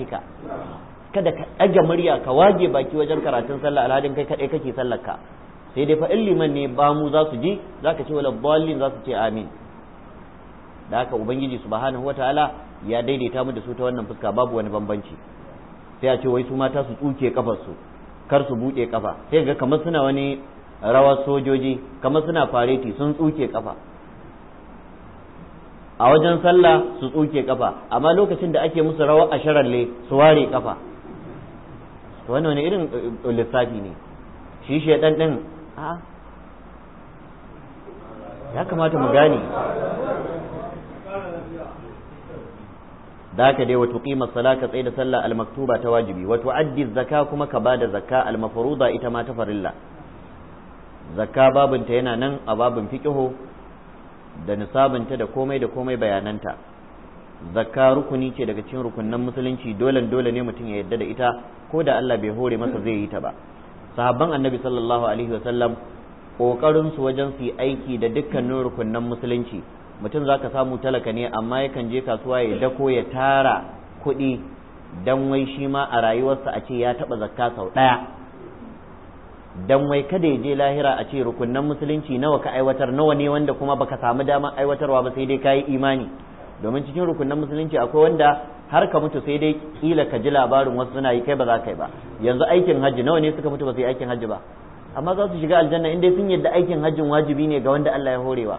kada ka ɗaga murya ka wage baki wajen karatun sallah alhalin kai kaɗai kake sallar ka sai dai fa liman ne ba mu za su ji za ka ce wala ballin za su ce amin da haka ubangiji subhanahu wataala ya daidaita mu da su ta wannan fuska babu wani bambanci sai a ce wai su mata su tsuke kafarsu su kar su buɗe kafa sai ga kamar suna wani rawar sojoji kamar suna fareti sun tsuke kafa a wajen sallah su tsuke kafa amma lokacin da ake musu rawar asharalle su ware kafa to wannan wani irin eh, lissafi ne shi shedan a ya kamata mu gane da ka dai wato qima sala ka tsaye da sallah al-maktuba ta wajibi wato addi zakka kuma ka bada zakka al-mafruda ita ma ta farilla zakka babinta yana nan a babin fiqihu da nisabinta da komai da komai bayananta zakka rukuni ce daga cikin rukunnan musulunci dole dole ne mutum ya yadda da ita ko da Allah bai hore masa zai yi ta ba sahabban annabi sallallahu alaihi wasallam kokarin su wajen su aiki da dukkanin rukunnan musulunci mutum zaka samu talaka ne amma yakan je kasuwa ya dako ya tara kuɗi dan wai shi ma a rayuwarsa a ce ya taɓa zakka sau ɗaya dan wai kada ya je lahira a ce rukunnan musulunci nawa ka aiwatar nawa ne wanda kuma baka samu damar aiwatarwa ba sai dai kayi imani domin cikin rukunnan musulunci akwai wanda har ka mutu sai dai kila ka ji labarin wasu suna yi kai ba za ka yi ba yanzu aikin hajji nawa ne suka mutu ba su yi aikin hajji ba amma za su shiga aljanna in dai sun yadda aikin hajjin wajibi ne ga wanda Allah ya horewa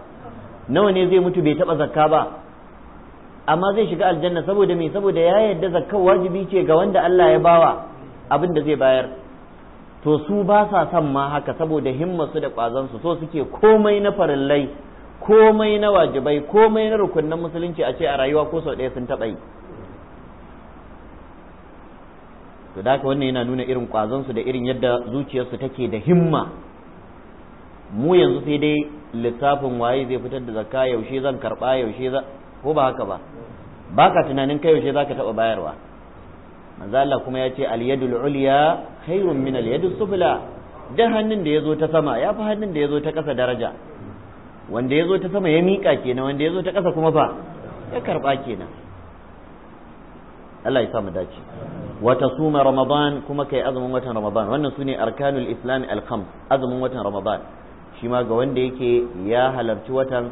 nawa ne zai mutu bai taba zakka ba amma zai shiga aljanna saboda me saboda ya yadda zakka wajibi ce ga wanda Allah ya bawa abin da zai bayar to su ba sa son ma haka saboda himmarsu da ƙwazonsu so suke komai na farillai komai na wajibai komai na rukunnan musulunci a ce a rayuwa ko sau ɗaya sun taɓa yi to da wannan yana nuna irin ƙwazonsu da irin yadda zuciyarsu take da himma mu yanzu sai dai lissafin waye zai fitar da zakka yaushe zan karɓa yaushe ko ba haka ba ba ka tunanin kai yaushe za ka taɓa bayarwa manzala kuma ya ce al yadul ulya khairun min al sufla da hannun da yazo ta sama ya fi hannun da yazo ta kasa daraja wanda yazo ta sama ya miƙa kenan wanda yazo ta kasa kuma fa ya karba kenan Allah ya sa mu dace wa tasuma ramadan kuma kai azumin watan ramadan wannan sune arkanul islam al khams azumin watan ramadan shi ma ga wanda yake ya halarci watan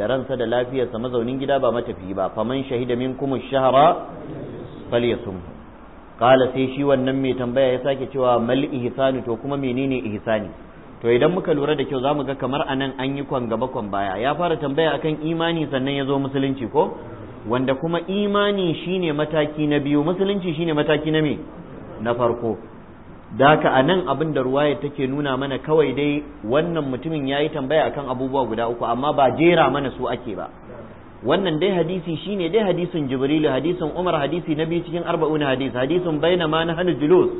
da ransa da lafiyarsa mazaunin gida ba matafi ba faman shahida minkum ash-shahra falyasum qala sai shi wannan mai tambaya ya sake cewa mal ihsani to kuma menene ihsani to idan muka lura da kyau zamu ga kamar anan an yi kwan gaba kwan baya ya fara tambaya akan imani sannan ya zo musulunci ko wanda kuma imani shine mataki na biyu musulunci shine mataki na me na farko daka a nan abin da ruwaya take nuna mana kawai dai wannan mutumin yayi tambaya akan abubuwa guda uku amma ba jera mana su ake ba wannan dai hadisi shine dai hadisin jibrilu hadisin umar hadisi na biyu cikin arba'una hadis hadisin baina ma na hanu julus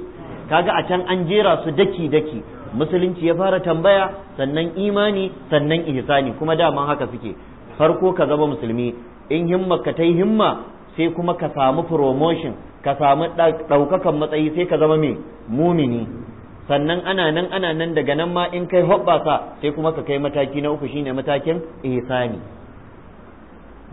kaga a can an jera su daki daki musulunci ya fara tambaya sannan imani sannan ihsani kuma daman haka suke farko ka zama musulmi in himma ka tai himma sai kuma ka samu promotion ka samu ɗaukakan matsayi sai ka zama mai mumini sannan ana nan ana nan daga nan ma in kai hoɓɓasa sai kuma ka kai mataki na uku shine matakin ihsani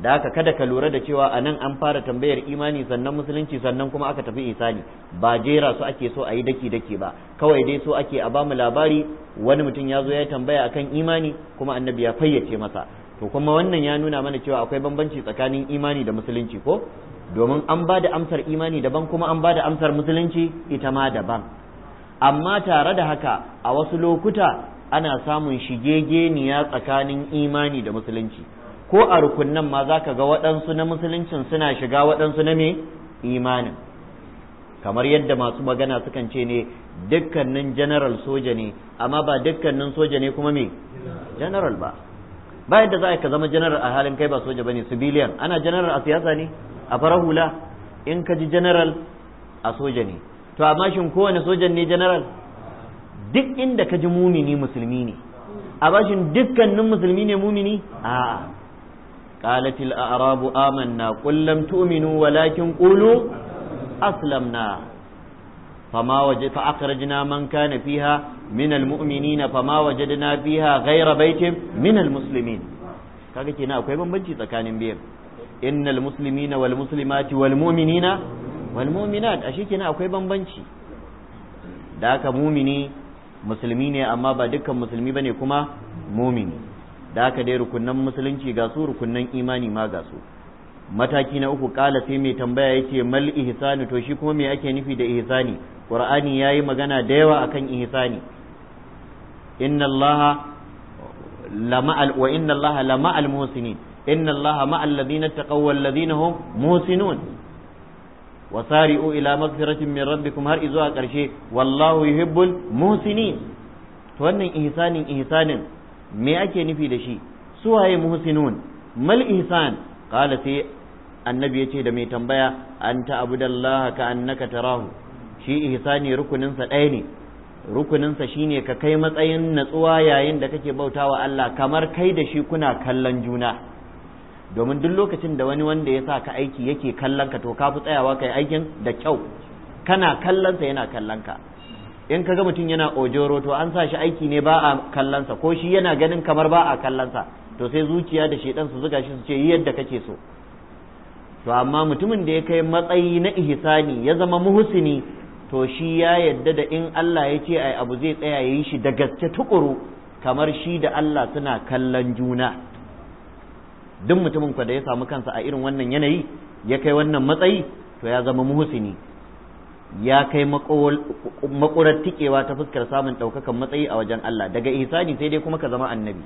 da haka kada ka lura da cewa a nan an fara tambayar imani sannan musulunci sannan kuma aka tafi isani ba jera su ake so a yi daki daki ba kawai dai so ake a bamu labari wani mutum ya zo ya tambaya akan imani kuma annabi ya fayyace masa to kuma wannan ya nuna mana cewa akwai bambanci tsakanin imani da musulunci ko domin an ba da amsar imani daban kuma an ba da amsar musulunci ita ma daban amma tare da haka a wasu lokuta ana samun shigegeniya tsakanin imani da musulunci ko a rukunnan ma za ka ga waɗansu na musuluncin suna shiga waɗansu na me imanin kamar yadda masu magana sukan ce ne dukkanin general soja ne amma ba dukkanin soja ne kuma me general ba ba yadda za ka zama general a halin kai ba soja bane civilian ana general a siyasa ne a farar hula in ka ji general a soja ne to amma shin kowane sojan ne general duk inda ka ji mumini musulmi ne a bashin dukkanin musulmi ne mumini a'a قالت الأعراب آمنا قل لم تؤمنوا ولكن قولوا أسلمنا فما وجد فأخرجنا من كان فيها من المؤمنين فما وجدنا فيها غير بيت من المسلمين kaga kenan akwai bambanci tsakanin biyan innal muslimina wal muslimati wal mu'minina wal mu'minat ashe kenan akwai bambanci da haka mumini musulmi ne amma ba dukkan musulmi bane kuma mumini da haka dai rukunnan musulunci ga su rukunnan imani ma ga su mataki na uku kala sai mai tambaya yace mal ihsani to shi kuma me ake nufi da ihsani qur'ani yayi magana da yawa akan ihsani inna allaha lama al wa inna allaha lama al muhsinin inna allaha ma alladhina taqaw wal ladina hum muhsinun wa sari'u ila magfiratin min rabbikum har izuwa karshe wallahu yuhibbul muhsinin to wannan ihsanin ihsanin me ake nufi da shi suwaye muhsinun mal ihsan qala sai annabi yace da mai tambaya anta abudallaha ka annaka tarahu shi ihsani rukunin sa ɗaya ne rukunin sa shine ka kai matsayin natsuwa yayin da kake bautawa Allah kamar kai da shi kuna kallon juna domin duk lokacin da wani wanda ya sa ka aiki yake kallon ka to ka fi tsayawa kai aikin da kyau kana kallon sa yana kallon ka in kaga mutum yana ojoro to an sa shi aiki ne ba a kallansa ko shi yana ganin kamar ba a kallansa to sai zuciya da shedan su zuga shi su ce yi yadda kake so to amma mutumin da ya kai matsayi na ihsani ya zama muhusini to shi ya yadda da in Allah ya ce ai abu zai tsaya yayi shi da gaske tukuru kamar shi da Allah suna kallon juna duk mutumin kwa da ya samu kansa a irin wannan yanayi ya kai wannan matsayi to ya zama muhsini ya kai makurar tikewa ta fuskar samun ɗaukakan matsayi a wajen Allah daga ihsani sai dai kuma ka zama annabi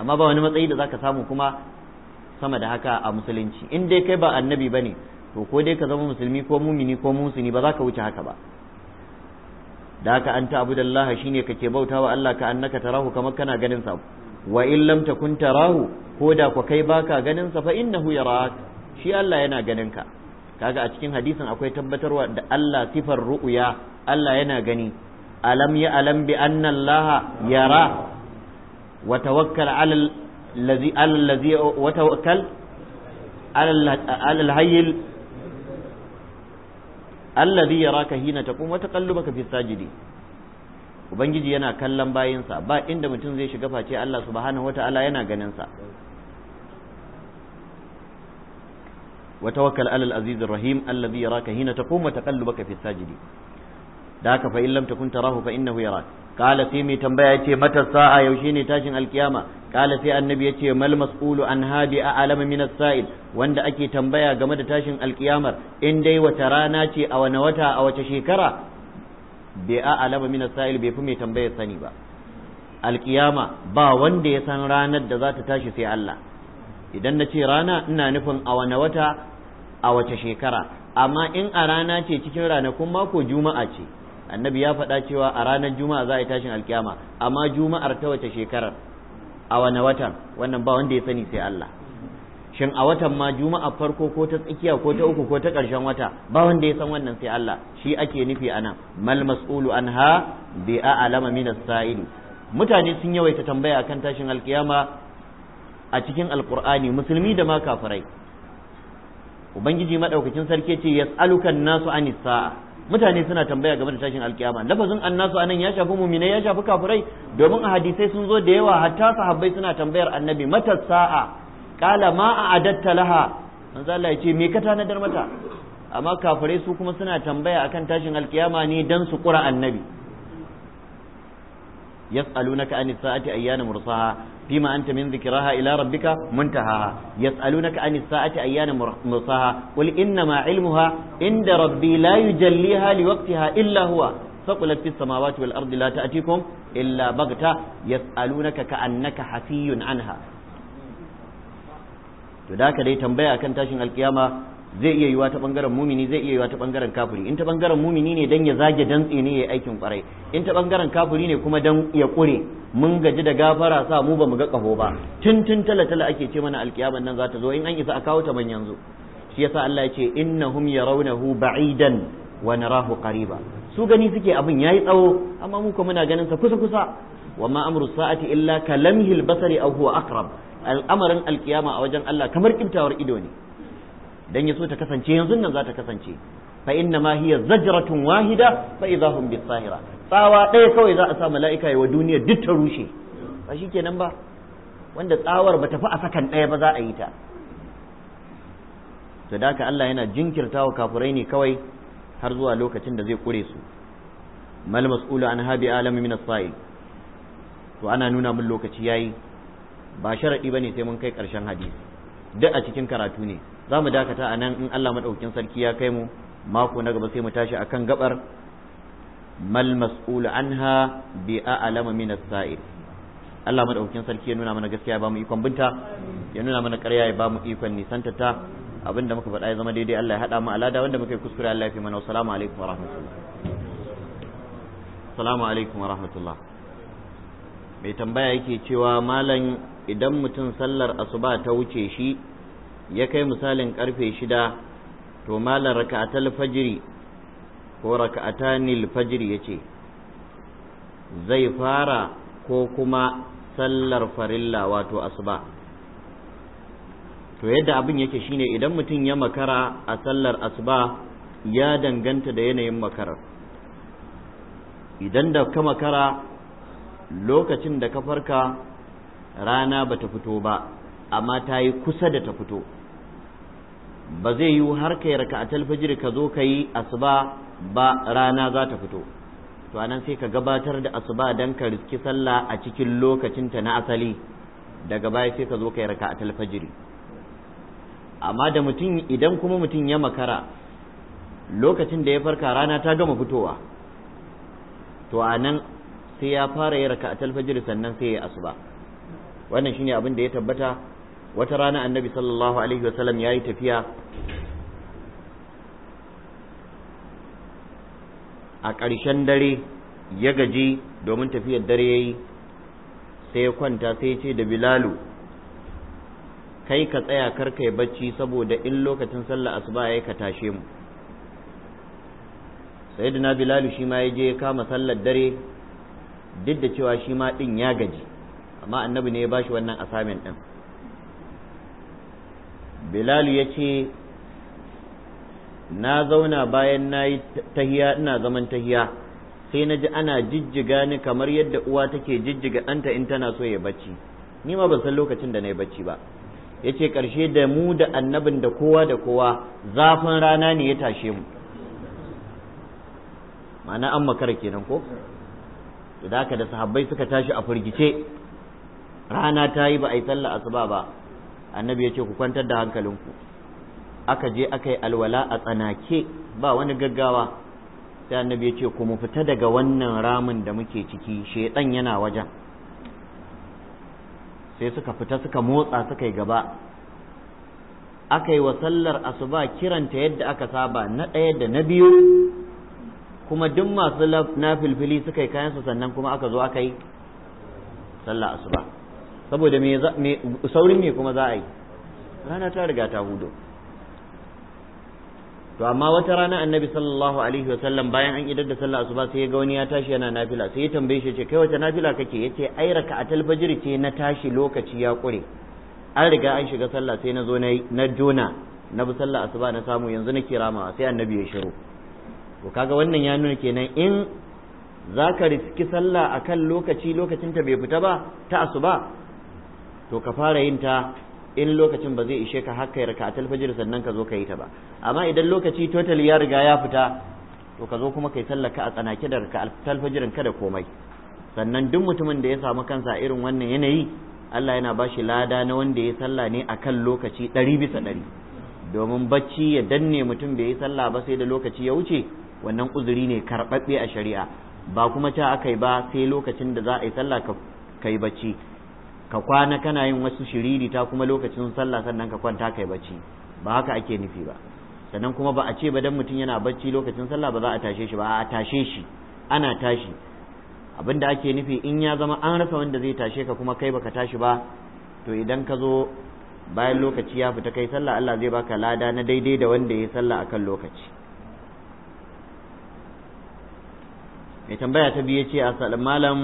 amma ba wani matsayi da zaka samu kuma sama da haka a musulunci in dai kai ba annabi bane to ko dai ka zama musulmi ko mumini ko musulmi ba za ka wuce haka ba da haka an ta ta'budallaha shine kake bauta wa Allah ka annaka tarahu kamar kana ganin sa wa in lam takun tarahu ko da ku kai baka ganin sa fa innahu yarak shi Allah yana ganin ka kaga a cikin hadisin akwai tabbatarwa da Allah sifar ru'ya Allah yana gani alam ya alam bi anna Allah yara wa tawakkal ala allazi ala allazi wa tawakkal ala alhayyil allazi yaraka hina taqum wa taqallubaka fi sajidi ubangiji yana kallon bayinsa ba inda mutum zai shiga face Allah subhanahu wataala yana ganin sa وتوكل على العزيز الرحيم الذي يراك حين ta وتقلبك في ka da jini. fa in lam takun tarahu fa innahu yarak qala sai mai tambaya yace mata sa'a yaushe ne tashin alkiyama kala sai annabi yace malmas ulu an hadi a alama min as wanda ake tambaya game da tashin alkiyamar in dai wata rana ce a wani wata a wace shekara bai a alama min as-sa'il bai fi mai tambayar sani ba alkiyama ba wanda ya san ranar da zata tashi sai Allah idan na ce rana ina nufin a wane wata a wace shekara amma in a rana ce cikin ranakun mako juma'a ce annabi ya faɗa cewa a ranar juma'a za a yi tashin alkiyama amma juma'ar ta wace shekarar a wane watan wannan ba wanda ya sani sai Allah shin a watan ma juma'a farko ko ta tsakiya ko ta uku ko ta ƙarshen wata ba wanda ya san wannan sai Allah shi ake nufi anan mal mas'ulu anha bi a'lama min as mutane sun yawaita tambaya akan tashin alkiyama a cikin alkur'ani musulmi da ma kafirai ubangiji madaukakin sarki ce yas'aluka nasu an mutane suna tambaya game da tashin alkiyama lafazin annasu anan ya shafi mu'minai ya shafi kafirai domin a hadisai sun zo da yawa hatta sahabbai suna tambayar annabi mata sa'a kala ma a'adatta laha manzo Allah ya me ka tanadar mata amma kafirai su kuma suna tambaya akan tashin alkiyama ne dan su kura annabi yas'alunaka anis sa'ati ayyana mursaha fima anta min dhikraha ila rabbika muntahaha yas'alunaka anis sa'ati ayyana mursaha qul innama ilmuha inda rabbi la yujalliha liwaqtiha illa huwa ثقلت في السماوات والأرض لا تأتيكم إلا بغتة يسألونك كأنك حفي عنها to da ka dai tambaya akan tashin alkiyama zai iya yiwa ta bangaren mumini zai iya yiwa ta bangaren kafiri in ta bangaren mumini ne dan ya zage dantse ne yayi aikin kwarai in ta bangaren kafiri ne kuma dan ya kure mun gaji da gafara sa mu bamu ga kaho ba tun tun tala tala ake ce mana alkiyaman nan za ta zo in an isa a kawo ta man yanzu shi yasa Allah ya ce innahum yarawnahu ba'idan wa narahu qariba su gani suke abin yayi tsawo amma mu muna ganin sa kusa kusa wa ma amru sa'ati illa kalamhil basari aw huwa aqrab al'amarin alkiyama a wajen Allah kamar kimtawar ido ne dan yaso ta kasance yanzu nan za ta kasance fa inna ma hiya zajratun wahida fa idza hum bisahira tsawa ɗaya kawai za a sa mala'ika yawa duniya duk ta rushe ba kenan ba wanda tsawar ba ta fi a sakan ɗaya ba za a yi ta to da Allah yana jinkirta wa kafurai ne kawai har zuwa lokacin da zai kure su mal mas'ulu an habi alamin min as-sa'il to ana nuna min lokaci yayi ba sharadi bane sai mun kai karshen hadisi duk a cikin karatu ne za mu dakata a nan in Allah maɗaukin sarki ya kai mu mako na gaba sai mu tashi akan gabar mal mas'ul anha bi a'lama min as-sa'il Allah maɗaukin sarki ya nuna mana gaskiya ba mu ikon binta ya nuna mana ƙarya ya ba mu ikon nisanta ta abinda muka faɗa ya zama daidai Allah ya haɗa mu alada wanda muka yi kuskure Allah ya fi mana assalamu alaikum wa rahmatullah assalamu alaikum wa rahmatullah mai tambaya yake cewa malam idan mutum sallar asuba ta wuce shi ya kai misalin karfe shida to malar raka'atal fajiri ko raka'atanil fajiri ya ce zai fara ko kuma sallar farilla wato asuba to yadda abin yake shine idan mutum ya makara a sallar asuba ya danganta da yanayin makarar idan da ka makara lokacin da ka farka rana ba ta fito ba amma ta yi kusa da ta fito ba zai yiwu har kai raka'atul fajr ka zo ka yi asuba ba rana za ta fito to anan sai ka gabatar da asuba dan ka riski sallah a cikin lokacinta na asali daga baya sai ka zo ka yi raka'atul fajr amma da mutum idan kuma mutum ya makara lokacin da ya farka rana ta gama fitowa to a nan sai ya fara yi raka a talfajir sannan sai ya asuba wannan shine abin da ya tabbata wata rana annabi sallallahu alaihi wasallam yayi tafiya a ƙarshen dare ya gaji domin tafiyar dare yayi sai ya kwanta sai ya ce da bilalu kai ka tsaya kar kai bacci saboda in lokacin sallar asuba yayi ka tashe mu sayyidina bilalu shi ma ya je ya kama sallar dare duk da cewa shi ma din ya gaji amma annabi ne ya bashi wannan assignment din bilal ya ce na zauna bayan na yi tahiya ina zaman tahiya sai na ji ana jijjiga ni kamar yadda uwa take jijjiga ɗanta in tana so ya bacci ni ma ban san lokacin da na yi bacci ba ya ce ƙarshe da mu da annabin da kowa da kowa zafin rana ne ya tashe mu ma'ana an makara kenan ko da haka da sahabbai suka tashi a firgice rana ta yi ba a yi sallar asuba ba annabi ya ce ku kwantar da hankalinku aka je aka yi alwala a tsanake ba wani gaggawa sai annabi ya ce ku mu fita daga wannan ramin da muke ciki shedan yana wajen sai suka fita suka motsa suka yi gaba aka yi wa sallar asuba kiranta yadda aka saba na ɗaya da na biyu kuma duk masu na filfili suka yi kayansu sannan kuma aka zo aka yi sallar asuba saboda me saurin me kuma za a yi rana ta riga ta hudu to amma wata rana annabi sallallahu alaihi wa sallam bayan an idar da sallah asuba sai ya ga wani ya tashi yana nafila sai ya tambaye shi ce kai wace nafila kake yace ai raka'atul fajr ce na tashi lokaci ya kure an riga an shiga sallah sai na zo na na jona na bi sallah asuba na samu yanzu na kirama sai annabi ya shiru to kaga wannan ya nuna kenan in zaka riski sallah akan lokaci lokacin ta bai fita ba ta asuba to ka fara yin ta in lokacin ba zai ishe ka har kai raka'atul fajr sannan ka zo ka yi ta ba amma idan lokaci total ya riga ya fita to ka zo kuma kai sallar ka a tsanake da raka'atul fajrin ka da komai sannan duk mutumin da ya samu kansa irin wannan yanayi Allah yana ba shi lada na wanda ya salla ne kan lokaci ɗari bisa ɗari domin bacci ya danne mutum bai yi sallah ba sai da lokaci ya wuce wannan uzuri ne karɓaɓɓe a shari'a ba kuma ca aka yi ba sai lokacin da za a yi sallah ka yi bacci ka kwana kana yin wasu shiriri ta kuma lokacin sallah sannan ka kwanta kai bacci ba haka ake nufi ba sannan kuma ba a ce ba dan mutum yana bacci lokacin sallah ba za a tashe shi ba a tashe shi ana tashi abinda ake nufi in ya zama an rasa wanda zai tashe ka kuma kai baka tashi ba to idan ka zo bayan lokaci ya fita kai sallah Allah zai baka lada na daidai da wanda ya sallah akan lokaci mai tambaya ta biyu ce a malam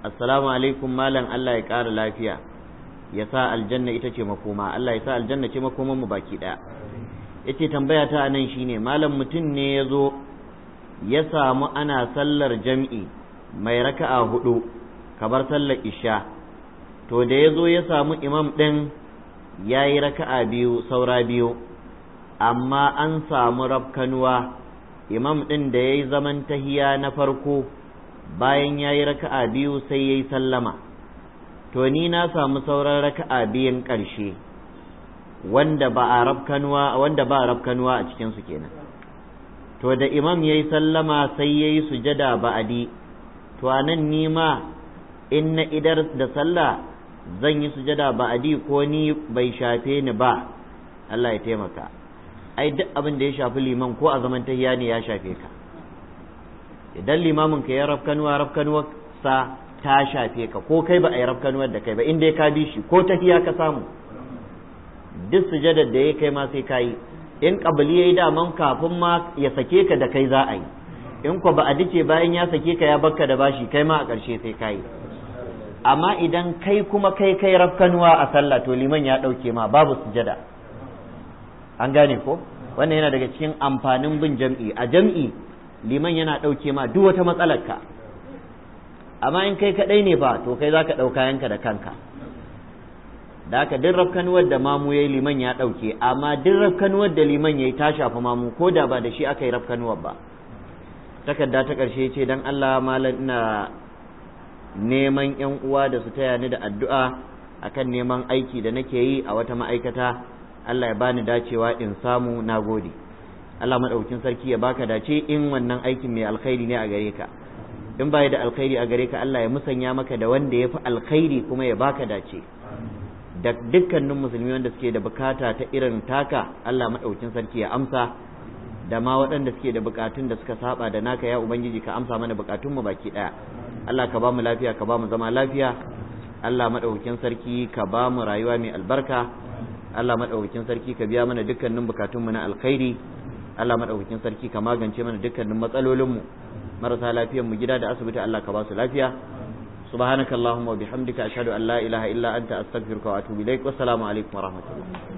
assalamu alaikum malam Allah ya ƙara lafiya ya sa aljanna ita ce makoma Allah ya sa aljanna ce makoman mu baki ɗaya yace tambaya ta anan shine malam mutum ne yazo ya samu ana sallar jam'i mai raka'a hudu kamar sallar isha to da yazo ya samu imam din yayi raka'a biyu saura biyu amma an samu rafkanuwa imam din da yayi zaman tahiya na farko bayan ya yi raka'a biyu sai ya yi sallama to ni na samu sauran raka'a biyan ƙarshe wanda ba a rafkanuwa wanda a a cikinsu kenan to da imam ya yi sallama sai ya yi sujada ba'adi to a nan ni ma in na idar da sallah zan yi sujada ba'adi ko ni bai shafe ni ba Allah ya taimaka ai duk abin da ya shafi liman ko a zaman tahiya ne ya shafe ka idan limamin ka ya rafkanuwa rafkanuwa sa ta shafe ka ko kai ba a yi rafkanuwar da kai ba inda ka bi shi ko tafiya ka samu duk sujadar da ya kai ma sai ka yi in kabali ya yi daman kafin ma ya sake ka da kai za a yi in ko ba a dace bayan ya sake ka ya bakka da bashi kai ma a ƙarshe sai ka yi amma idan kai kuma kai kai rafkanuwa a sallah to liman ya ɗauke ma babu sujada an gane ko wannan yana daga cikin amfanin bin jam'i a jam'i liman yana ɗauke ma duk wata matsalarka amma in kai kaɗai ne ba to kai za ka ɗauka yanka da kanka da haka duk rafkanuwar da mamu ya yi liman ya ɗauke amma duk rafkanuwar da liman ya yi ta shafi mamu ko da ba da shi aka yi rafkanuwar ba takarda ta ƙarshe ce don allah malam ina neman yan uwa da su taya ni da addu'a akan neman aiki da nake yi a wata ma'aikata allah ya bani dacewa in samu na gode Allah madaukakin sarki ya baka dace in wannan aikin mai alkhairi ne a gare ka in bai da alkhairi a gare ka Allah ya musanya maka da wanda ya fi alkhairi kuma ya baka dace da dukkanin musulmi wanda suke da bukata ta irin taka Allah madaukakin sarki ya amsa da ma waɗanda suke da bukatun da suka saba da naka ya ubangiji ka amsa mana bukatun mu baki daya Allah ka ba lafiya ka bamu zama lafiya Allah madaukakin sarki ka bamu rayuwa mai albarka Allah madaukakin sarki ka biya mana dukkanin bukatun mu na alkhairi Allah madaukakin sarki ka magance mana dukkanin matsalolinmu marasa lafiyar mu gida da asibiti Allah ka ba su lafiya subhanakallahumma wa bihamdika ashhadu an la ilaha illa anta astaghfiruka wa atubu ilaik wassalamu alaikum wa